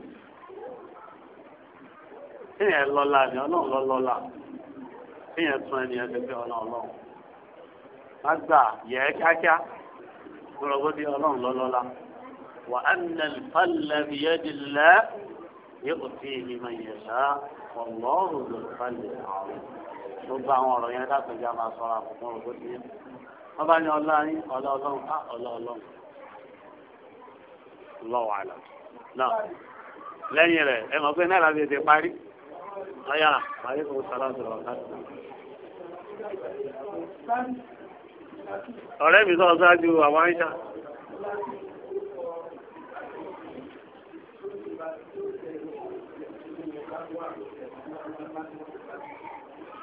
kéèyàn lọ́la ni ọlọ́run lọ́la kéèyàn tún ẹni ẹni pé ọlọ́run má gbà yẹ kíákíá gbọ́dọ̀ bí ọlọ́run lọ́la wà á nà lùfàlẹ̀ bìyẹ́dì lẹ́ yẹ kò tí ì máa yẹ sá ọlọ́run lùfàlẹ̀ àwọn gbogbo àwọn ọ̀rọ̀ yẹn dákọjá máa sọ̀rọ̀ àkókò ọ̀rọ̀ tó ti yẹ wọ́n bá ní ọlá yín ọlá ọlọ́run á ọlá ọlọ́run lọ́wọ́ àlọ́ náà lẹ́yìn rẹ̀ ẹ mọ̀ pé náírà ti ti parí ọ̀yà àyẹ̀kọ̀ sàlátù ọ̀kadì. ọ̀rẹ́ mi náà ṣáájú àwọn àyíṣà.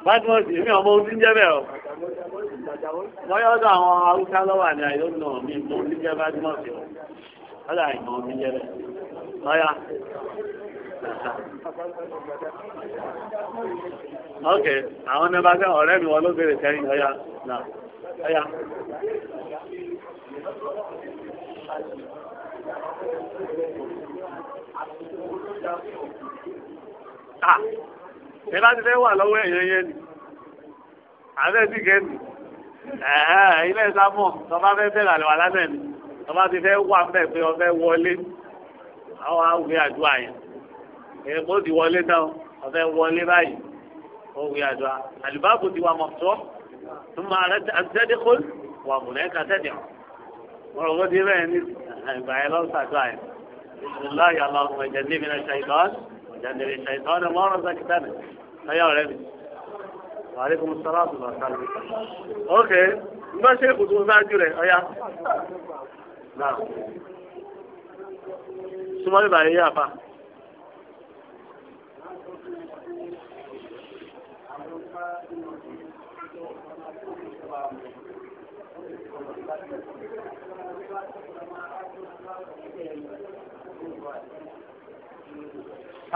Bátìmọ̀sì èmi ọmọ ohun tí ń jẹ́ bẹ́ẹ̀ o. Bọ́yá ọ̀dọ̀ àwọn Haúsá lọ́wọ́ àní àyè ó mí mọ ohun tí ń jẹ́ Bátìmọ̀sì o. Ọ̀dọ̀ àìmọ̀ ohun tí ń jẹ́ bẹ́ẹ̀ ok àwọn ní fẹ́ ọ̀rẹ́ mi wọn ló béèrè sẹ́yìn ọ̀yà náà ọ̀yà. Ah, ti fẹ́ wà lọ́wọ́ ẹ̀yẹ́ yẹn ni àbẹ́ sì kẹ́ni ilé ìsámọ̀ tọ́ba fẹ́ bẹ̀rẹ̀ àlẹ́ wà lálẹ́ ni tọ́ba ti fẹ́ wà ń bẹ̀ wọlé àwọn àwùjọ àdúrà yẹn èèpọ̀ ti wọlé náà ọ̀fẹ́ wọlé báyìí ó wí àdúrà àlùbáàbò ti wà mọ̀tọ́ tó máa rẹ àtẹ́dẹ́kọ́ wà mùlẹ́kà tẹ́dẹ̀ ọ̀rọ̀ wọ́n ti bẹ́ẹ̀ ní ìgbà yẹn lọ́sàdúrà yẹn bisimilahi allahumma jannibina shaitan jannibina shaitan ma razaqtana ayo rabbi wa alaikum assalam wa rahmatullahi okay ǹgbà ṣe kò tún sáájú rẹ̀ ọ̀yá. Súnmọ́ nígbà yẹn yá fa.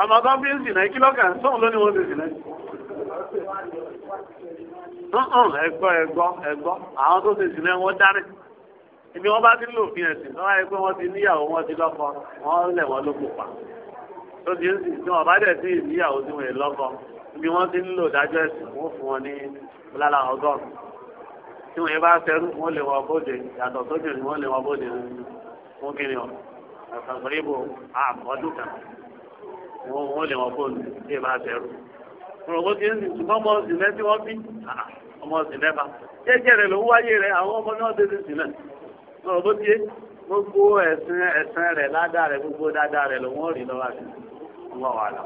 àmọ́ tó ń bí ń sìnà kí lọ́kàn tóun ló ní wọ́n ti sìnà. ẹgbọ́ ẹgbọ́ ẹgbọ́ àwọn tó ti sìnà wọ́n dárí ibi wọ́n bá ti lò fi ẹ̀sìn tó wáyé pé wọ́n ti níyàwó wọ́n ti lọ́kọ wọ́n lẹ̀ wọ́n ló pupa tó ti ń sìn tí wọ́n bá dẹ̀ sí ìníyàwó tí wọ́n lọ́kọ ibi wọ́n ti ń lò dájọ́ ẹ̀sìn wọ́n fún wọn ní lára ọgọ́rùn-ún tí wọ́n yẹn bá fẹ́rù wọ́n lè wọ bóde yàtọ̀ sójú ni wọ́n lè wọ bóde fún kiri ọ̀ ẹ̀fẹ̀ gbẹ́rẹ́ bò á ọdún kan wọn wọn lè wọn fóònù tí ìbá bẹ̀rù òrògbó ti ń sìn ọmọ ọ̀sìn tí wọ́n bí ọmọ ọ̀sìn lẹ́ba jẹ́jẹ́ rẹ̀ ló wáyé rẹ̀ àwọn ọmọ náà tètè sìn náà òrògbó ti gbogbo ẹ̀sìn ẹ̀sìn rẹ̀ ládàá rẹ̀ gbogbo dáadáa rẹ̀ lòun ò rí lọ́wọ́ àti wọn wà lọ.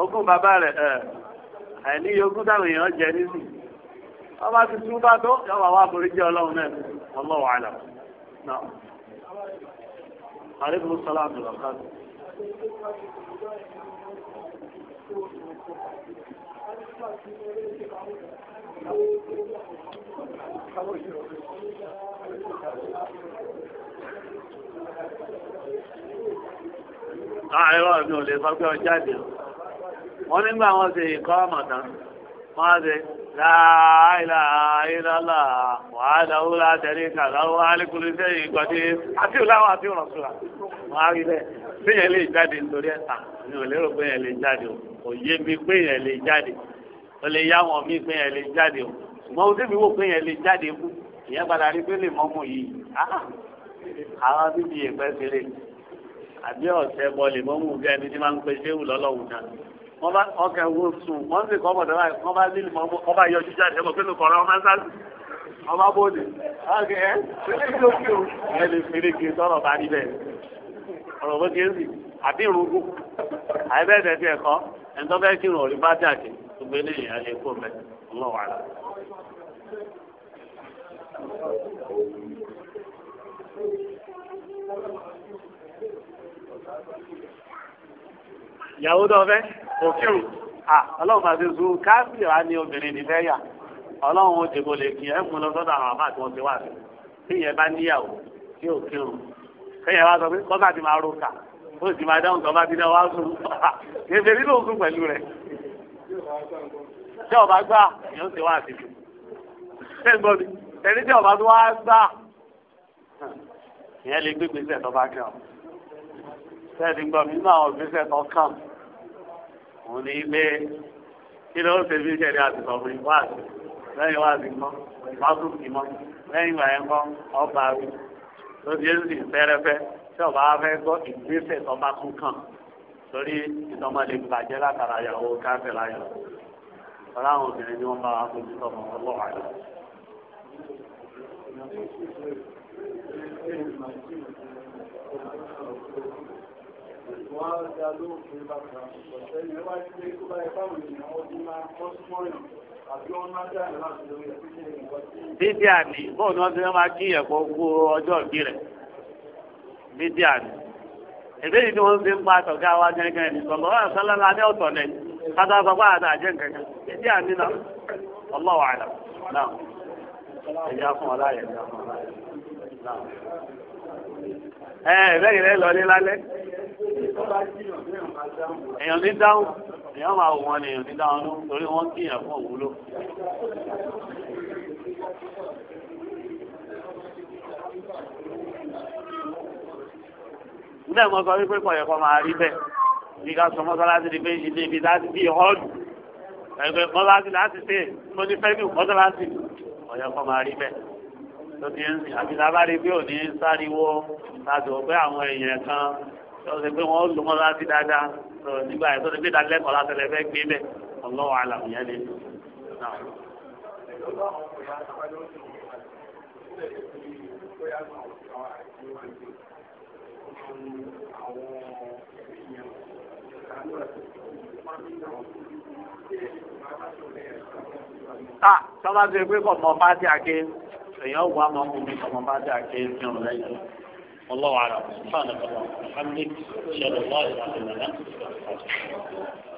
ogún bàbá rẹ̀ àìní ogún táwọn èèyàn jẹ nísìn wọ́n bá bá tó yọ wà wá àforíjì ọlọ́run náà ọlọ́wọ́ àlọ́ náà àríkùn sọlá àbùrọ̀ kan. mi ò lè sọ pé ọjáde. Wọ́n nígbà wọn ṣe ìkọ́ ọmọ tán, ṣe لا إله إلا الله وحده لا شريك له على كل شيء قدير àti ìlú àwọn àti ìrọ̀sùlà wọn á rí bẹ́ẹ̀ bí yẹn lè jáde nítorí ẹ̀ta mi ò lérò pé yẹn lè jáde o kò yé mi pé yẹn lè jáde o lè yá wọn mí pé yẹn lè jáde o ṣùgbọ́n o débi wò pé yẹn lè jáde kú ìyẹn padà rí pé lè mọ́mú yìí àwọn bíbí ìpẹ́ sílẹ̀ àbí ọ̀sẹ̀ bọ́ mọ́mú bí ẹni tí máa ń pe séwù lọ́lọ́wù wọ́n wo sùn wọ́n sì kọ́ bọ̀dọ̀ báyìí wọ́n bá lílì mọ́ wọ́n bá yọjú jáde ẹ̀mọ́ pé lóko ọ̀rọ̀ ọmọ sáàsì ọmọ bóde ọkẹ́ ẹ ẹ lè fèrè kí sọ̀rọ̀ bá níbẹ̀ ọ̀rọ̀ bó kí n sì àbí irungun àìbẹ́ẹ̀dẹ̀ tiẹ̀ kọ́ ẹ̀ńtọ́ bẹ́ẹ̀ kí irun òrí bá jáde gbogbo eléyìí alẹ́ kó mẹ́ ọlọ́wà rẹ̀. ìyàwó dọ́fẹ́ òfin ọlọ́run máa ti sùn káàbì wa ni obìnrin ní fẹ́yà ọlọ́run ó dìbò lè kí ẹ mú lọ àwọn àbá àti wọn ti wà sí kí yẹn bá níyàwó tí ò kírun kẹyìn wa sọ pé kọ́sà ti máa ro kà ó sì máa dáhùn tó bá ti dáhùn wá sùn [laughs] kẹsẹ̀ nínú òkú pẹ̀lú rẹ̀ tí ọba gbà yóò ti wá sí i ẹni tí ọba tó wá gbà ìyẹn lè gbé gbèsè tó bá kàn ṣé ẹni gbọ́ mi nínú àwọn tó kàn òun ní pé kí ló ń ṣe bí sẹ́ni àti sọ̀rọ̀ ìwà àti lẹ́yìn wá sí mọ́ wá tún kì mọ́ lẹ́yìn ìgbà yẹn kọ́ ọba rí ló ti ń sìn fẹ́rẹ́fẹ́ tí ọba fẹ́ gbọ́ ìgbésẹ̀ tọ́ba tún kàn lórí ìtọ́mọdé bàjẹ́ látara ìyàwó káfẹ́ láyọ̀ ọ̀rọ̀ obìnrin ni wọ́n bá wa fojú tọmọ ọlọ́wà rẹ̀. wọ́n á dá lóhùn bá yẹ báwo ni àwọn tó máa kọ́ sọ́ọ̀rì àbí wọ́n máa dá ìlànà lórí ẹ̀ bíbí àní bóun ni wọ́n ti máa kí ẹ̀kọ́ gbó ọjọ́ ìbí rẹ̀ bíbí àní èdè yìí ni wọ́n fi ń pa àtọ̀gá wa gẹ́gẹ́ ní ọ̀tọ̀ kátà sọ pé àdá bíbí àní náà àdá náà fún ẹ̀ bẹ́ẹ̀ ni èèyàn ní dáhùn èèyàn máa wò ni èèyàn ní dáhùn ló torí wọn kíyàn fún òwúlò. bẹ́ẹ̀ wípé kọ̀yẹ̀kọ̀ máa rí bẹ́ẹ̀ bí ká sọ mọ́sálásí ni pé ilé ibi láti bí họ́ọ̀lù ẹgbẹ́ mọ́sálásí láti ṣe mo ní fẹ́ bí mọ́sálásí kọ̀yẹ̀kọ̀ máa rí bẹ́ẹ̀ tó ti ń sìn àbí lábárí pé òní sáriwo láti wọ àwọn èèyàn kan lọ́sẹ̀ pé wọ́n lò wọ́n láti dáadáa nígbà yẹn tó ti gbé dalẹ́kọ̀ọ́ látẹlẹ fẹ́ gbé bẹ́ẹ̀ ọlọ́wọ́ àlàmù yẹn lé. Ah, sọ́lá ti pé kọ̀ọ̀mọ́ bá ti àké èèyàn wà mọ́ kùnmí kọ̀ọ̀mọ́ bá ti àké fi hàn lẹ́yìn. والله أعلم سبحانك اللهم وبحمدك أشهد أن لا إله إلا أنت